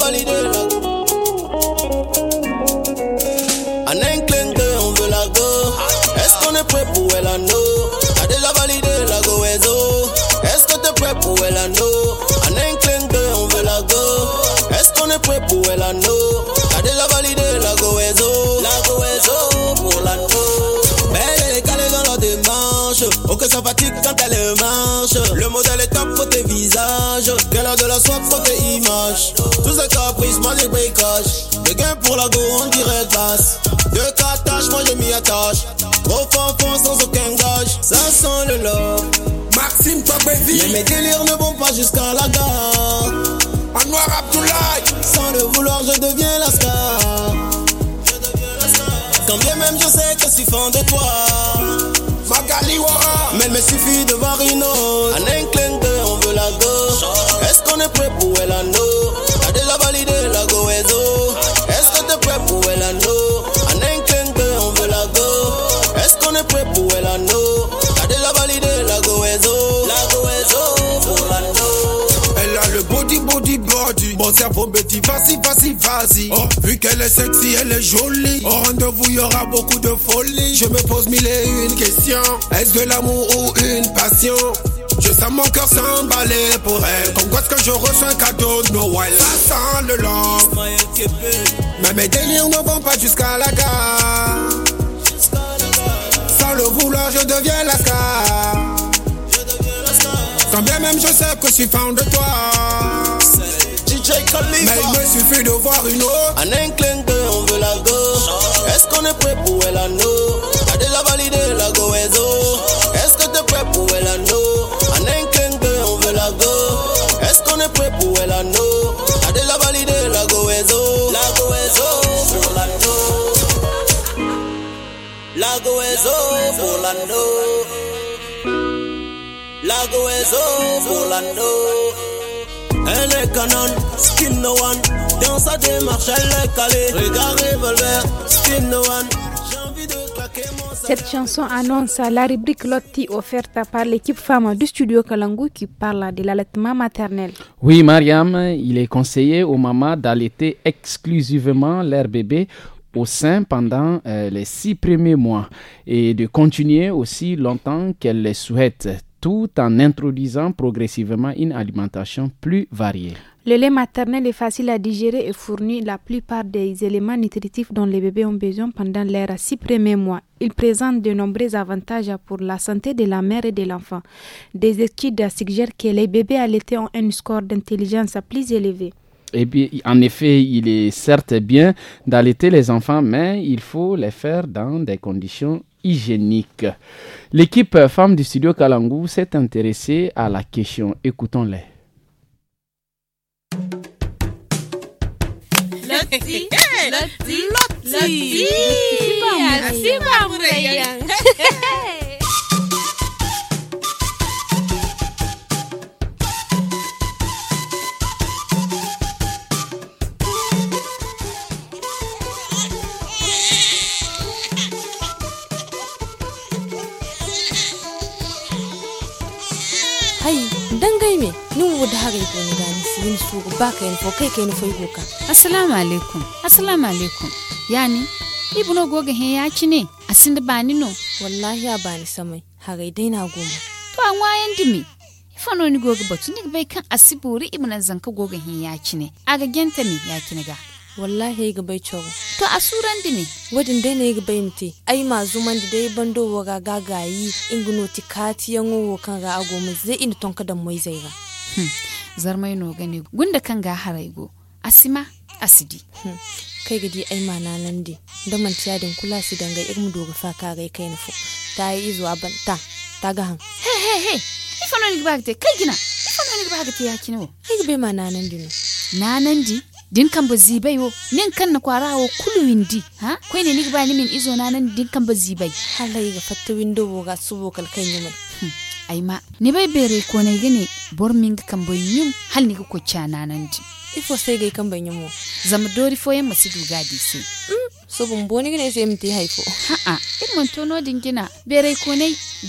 go. Est-ce qu'on est prêt pour elle à nous? pour elle En un clin d'œil, on veut la go. Est-ce qu'on est prêt pour elle anneau T'as déjà validé la goézo. La goézo pour l'anneau. Belle est calée dans la démarche. aucun que ça quand elle marche. Le modèle est top, faut tes visages. Qu'elle a de la soif, faut tes images. Tous ces caprices, moi j'ai bricage. Le gain pour la go, on dirait classe. Deux cartages, moi je m'y attache. Gros fond, sans aucun gage. Ça sent le love. Mais mes délires ne vont pas jusqu'à la gare. Sans le vouloir, je deviens la star. Quand bien même je sais que si suis de toi. Magali Mais il me suffit de voir une autre. un on veut la gauche Est-ce qu'on est prêt pour elle à mon cerveau me dit vas-y, vas-y, vas-y. Oh, vu qu'elle est sexy, elle est jolie. Au rendez-vous, il y aura beaucoup de folie. Je me pose mille et une questions. Est-ce de l'amour ou une passion? Je sens mon cœur s'emballer pour elle. Comme quoi est ce que je reçois un cadeau de Noël. Ça sent le long Mais mes délires ne vont pas jusqu'à la gare. Sans le vouloir, je deviens la star. Quand bien même je sais que je suis fan de toi. Mais il me suffit de voir une autre. En un clin on veut la go. Est-ce qu'on est prêt pour elle A T'as déjà validé la goeso? Est-ce que t'es prêt pour elle à En un clin on veut la go. Est-ce qu'on est prêt pour elle No? T'as déjà validé la goézo. La go pour l'anneau. La goeso pour l'anneau. La goeso pour l'anneau elle Cette chanson annonce la rubrique Lotti offerte par l'équipe femme du studio Kalangu qui parle de l'allaitement maternel. Oui, Mariam, il est conseillé aux mamans d'allaiter exclusivement leur bébé au sein pendant euh, les six premiers mois et de continuer aussi longtemps qu'elles le souhaitent tout en introduisant progressivement une alimentation plus variée. Le lait maternel est facile à digérer et fournit la plupart des éléments nutritifs dont les bébés ont besoin pendant leurs six premiers mois. Il présente de nombreux avantages pour la santé de la mère et de l'enfant. Des études suggèrent que les bébés allaités ont un score d'intelligence plus élevé. Et eh bien, en effet, il est certes bien d'allaiter les enfants, mais il faut les faire dans des conditions hygiénique. L'équipe femme du studio Kalangou s'est intéressée à la question. Écoutons-les. haga igo ni gani si yin su ba ka info kai ka info igo goka. assalamu alaikum assalamu alaikum yani ibuno goga he ya ci ne da bani no wallahi ya bani samai haga dai na goma to an wayan dimi ifano ni goga batu ni bai kan asibori ibna zanka goga he ya ci ne ga genta ne ya ki ga wallahi ga bai cewa to a suran dimi wadin dai ne ga bai mti ai ma zuman da dai bando waga gagayi ingino tikati yan wo kan ga agomu zai in tonka da mai zai ga Hmm. zarmai no gane gunda kan ga haraigo asima asidi hmm. kai gidi ai mana nan de da man tiya din kula si danga irin mu fa faka ga kai nufu ta yi izo a ta ta ga han he he he ifa no ni bagte kai gina ifa no ni bagte ya kino kai be mana nan di no na nan di din kan ba zibai wo nin kan na kwara wo kulu windi ha kai ne ni ba ni min izo na nan din kan ba zibai halai ga fatta window ga subo kalkan yimin hmm. mai aima bai bere konaygene bor minga kambo yum hal niga ko cananandi ifo sege kambo mu zama dori fo yamma sidu gadi se mm, so bun boni gane sai mti haifo ha a mun tono dingina bere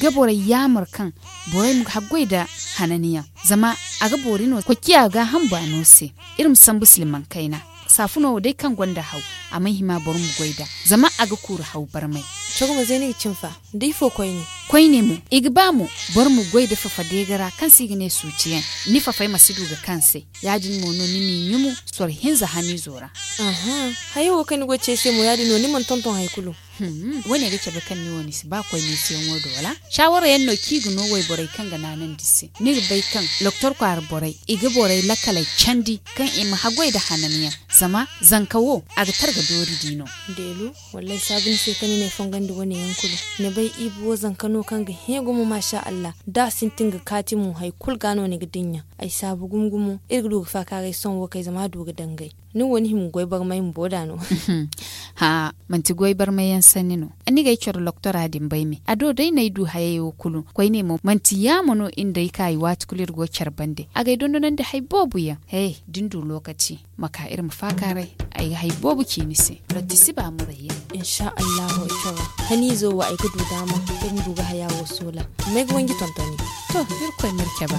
ga bore yamar kan bore mu haggoi da hananiya zama a ga bore no ko kiya ga hamba no se irin san musliman kaina safuno dai kan gwanda hau a mahima bari mu gwaida zama a ga kura hau bar mai cogo ba zai cin fa dai fo koi ne koi ne mu igba mu bar mu gwaida fa degara kan si gane suciyan ni fa fai masidu ga ji yajin mono ni min mu sor hinza hani zora aha hayo kan goce sai mu yadi no ni man tonton haikulu Hmm. wani rike kan ni wani si ba kwai ni siyan wodo wala shawara yan no ki guno wai borai kan ga nanan disi ni bai kan loktor kwar borai igi borai lakalai candi kan ima ha da hananiya sama zankawo a ga dori dino delu wallai sabin sai kani ne fongan da wani yankulu ne bai zan zankano kan ga hegumu masha Allah da sun tinga kati mu haikul gano ne dinya. ai sabu gumgumu irgudu fa kare son wakai zama doga dangai ni wani him gwaibar bar mai da no ha manti goy bar mai yan sani no ani ga ikyor doctor adin bai mi ado dai nay du haye yau kulu koy ne mo manti ya mono inda kai wat kulir go charbande aga don don da haibobu bobu ya hey dindu lokaci maka irin fakare ai hay bobu ki ni se rati si ba mu rayi insha Allah ikyor hani zo wa ai kudu dama kun duga haya wo sola mai gwangi tantani to bir koy mirke ba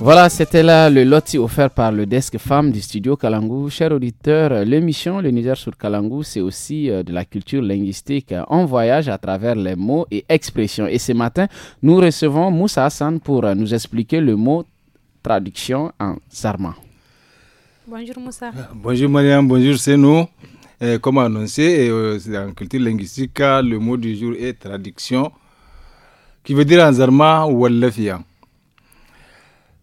Voilà, c'était là le loti offert par le desk femme du studio Kalangu. Chers auditeurs, l'émission Le Niger sur Kalangu, c'est aussi euh, de la culture linguistique. On voyage à travers les mots et expressions. Et ce matin, nous recevons Moussa Hassan pour euh, nous expliquer le mot traduction en zarma. Bonjour Moussa. Ah, bonjour Mariam, bonjour c'est nous. Eh, comme annoncé, eh, euh, c'est en culture linguistique, le mot du jour est traduction, qui veut dire en zarma ou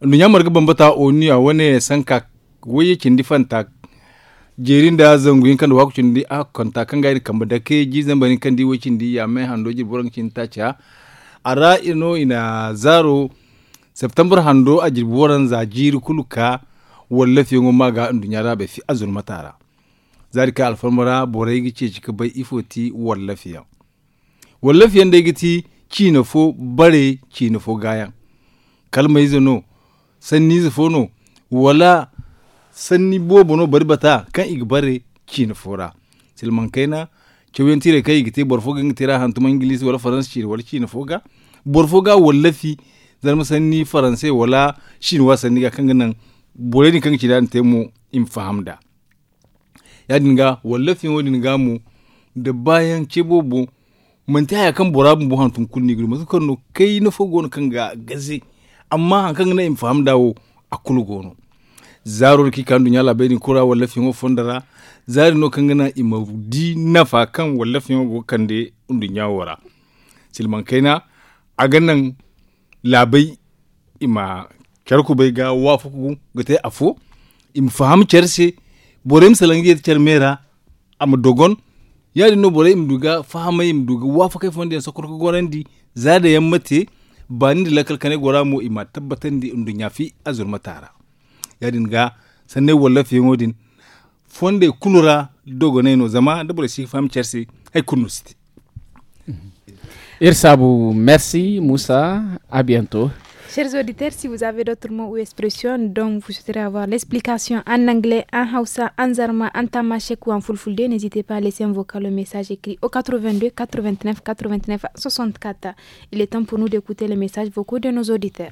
nu nyamar ga bambata oni a wani sanka waye kindi fanta jerin da zanguyin kan waku kindi a konta kan gairi kamba da ke ji zambarin kan diwo kindi ya mai hando ji buran kin ta cha ara ino ina zaro september hando a jirburan za jiri kuluka wallafi yungu maga dunya da bai fi azur matara zarika alfarmara borai gice cika bai ifoti wallafiya wallafiyan da giti cinafo bare cinafo gayan kalmai zano sanni zifono wala sanni bobono bari bata kan ig bare cina fora silman kaina cewen tire kai gite borfo gan tira hantuma ingilis wala faransa cire wala cina foga borfo ga fi zarma sanni faransa wala shin wa sanni ga kan ganan bore ni kan cira ta mu in fahamda ya dinga wallafin wani dinga mu da bayan cebobo bobo ta ya kan borabun buhan tun kunni gudu masu kano kai na fogo kan ga gaze amma hankan na im faham dawo a gono zaror ki kandu nyala ni kura wallafi ngo fondara zari no kangana imawdi nafa kan fi ngo kande undu nyawara silman kaina a ganan labai ima charku bai ga wafuku gate afu im faham charse borem salangi mera am dogon yadi no bore im duga fahama im duga wafa kai fonde sokor ko gorandi zada yammate bani la kane gora mo ima tabbatan di undunya fi azur matara yadin ga sanne wala fi ngodin fonde kulura dogo ne no zama da bore si fam chersi hay kunu siti irsabu merci moussa à bientôt Chers auditeurs, si vous avez d'autres mots ou expressions dont vous souhaiterez avoir l'explication en anglais, en hausa, en zarma, en tamashek ou en fulfulde, n'hésitez pas à laisser un vocal ou message écrit au 82 89 89 64. Il est temps pour nous d'écouter les messages vocaux de nos auditeurs.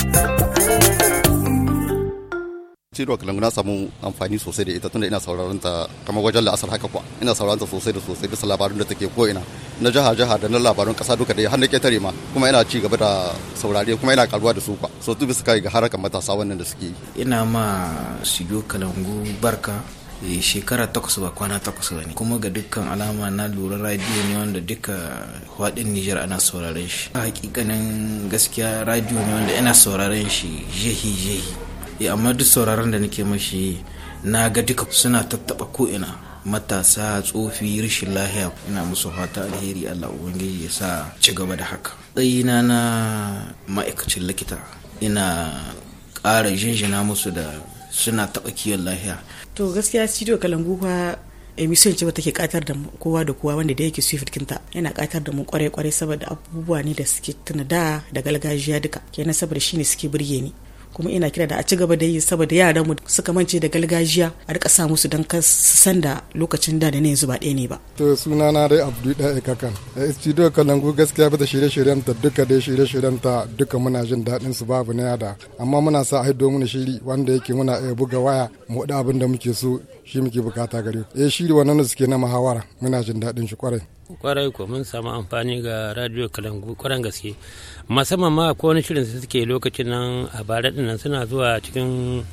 studio na samu amfani sosai da ita tunda ina sauraron ta kamar wajen la'asar haka kuwa ina sauraron ta sosai da sosai bisa labarun da take ko ina na jaha jaha da na labarun kasa duka dai har na ketare ma kuma ina ci gaba da saurare kuma ina karuwa da su kuwa so tubi su kai ga harakan matasa wannan da suke ina ma studio kalangu barka eh, shekara takwas ba kwana takwas ba ne kuma ga dukkan alama na lura radio ne wanda duka faɗin Nijar ana sauraron shi a hakikanin gaskiya radio ne wanda ina sauraron shi jehi jehi Eh, amma duk sauraron da nake mashi na ga duka suna tattaba ko'ina matasa tsofi rishin lahiya ina musu fata alheri Allah ubangiji ya sa ci gaba da haka tsayina na ma'aikacin likita ina ƙara jinjina musu da suna taɓa kiwon lahiya to gaskiya cido kalangu fa emission ce take katar da kowa da kowa wanda da yake swift kinta yana katar da mu kwarai kwarai saboda abubuwa ne da suke tuna da da galgajiya duka kenan saboda shine suke burge ni kuma ina kira da a ci gaba da yi saboda yaran mu suka mance da galgajiya a rika sa musu don su san da lokacin da da ne yanzu ba ɗaya ne ba to suna na dai abdu da kakan studio kalangu gaskiya ba da shirye-shiryen ta duka dai shirye-shiryen ta duka muna jin daɗin su babu na yada amma muna sa haido mana shiri wanda yake muna iya buga waya mu abin da muke so shi muke bukata gari. ku eh shiri wannan suke na muhawara muna jin daɗin shi kwarai kwarai ko mun samu amfani ga radio kalangu kwaran gaske musamman ma ko wani shirin suke lokacin nan a bara din nan suna zuwa cikin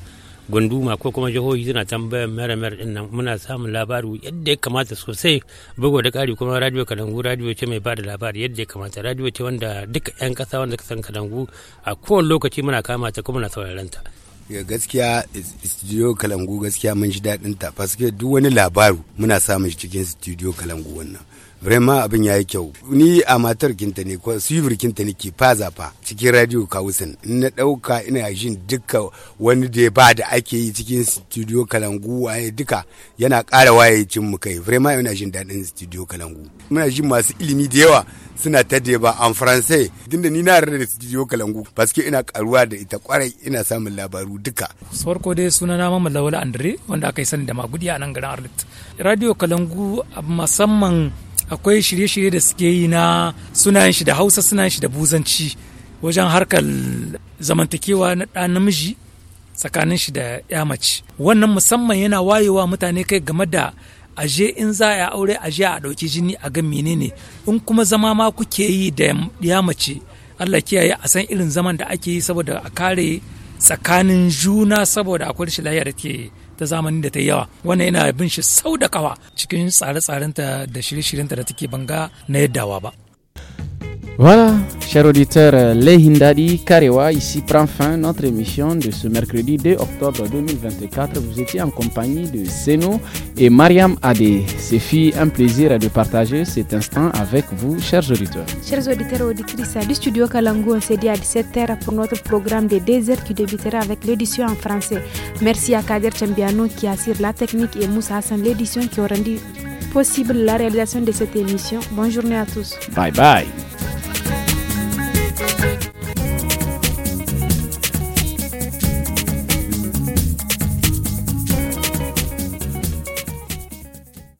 gunduma ko kuma jihohi suna tambayar mera mera din nan muna samun labaru yadda ya kamata sosai bugu da kari kuma radio kalangu radio ce mai bada labari yadda ya kamata radio ce wanda duka yan kasa wanda ka san kalangu a kowane lokaci muna kama ta kuma na sauraron ta gaskiya studio kalangu gaskiya mun shi daɗin ta duk wani labaru muna samun cikin studio kalangu wannan vraiment abin yayi kyau ni a matar kinta ne ko suivir kinta ne ke faza fa cikin radio kawusan na dauka ina jin duka wani da ba da ake yi cikin studio kalangu waye duka yana kara waye cin mu kai vraiment ina jin daɗin studio kalangu muna jin masu ilimi da yawa suna ta ba an faransai da ni na rada da studio kalangu paske ina karuwa da ita kwarai ina samun labaru duka farko dai suna na mamman lawal andre wanda aka yi sani da magudi a nan garin arlit radio kalangu musamman akwai shirye-shirye da suke yi na sunayen shi da hausa sunayen shi da buzanci wajen harkar zamantakewa na ɗa namiji tsakanin shi da ya mace wannan musamman yana wayewa mutane kai game da aje in za a aure aje a ɗauki jini a ga menene in kuma zama ma kuke yi da ya mace Allah kiyaye a san irin zaman da ake yi saboda a kare tsakanin juna saboda akwai rashin lafiya da ke ta zamani da ta yawa wannan yana bin shi sau da kawa cikin tsare-tsarenta da shirye-shiryenta da take banga na yaddawa ba Voilà, chers auditeurs, les Hindadi Karewa, ici prend fin notre émission de ce mercredi 2 octobre 2024. Vous étiez en compagnie de Seno et Mariam Adé. C'est un plaisir de partager cet instant avec vous, chers auditeurs. Chers auditeurs et auditrices du studio Kalangu, on s'est dit à 17h pour notre programme des déserts qui débutera avec l'édition en français. Merci à Kader Chembiano qui assure la technique et Moussa Hassan l'édition qui a rendu possible la réalisation de cette émission. Bonne journée à tous. Bye bye.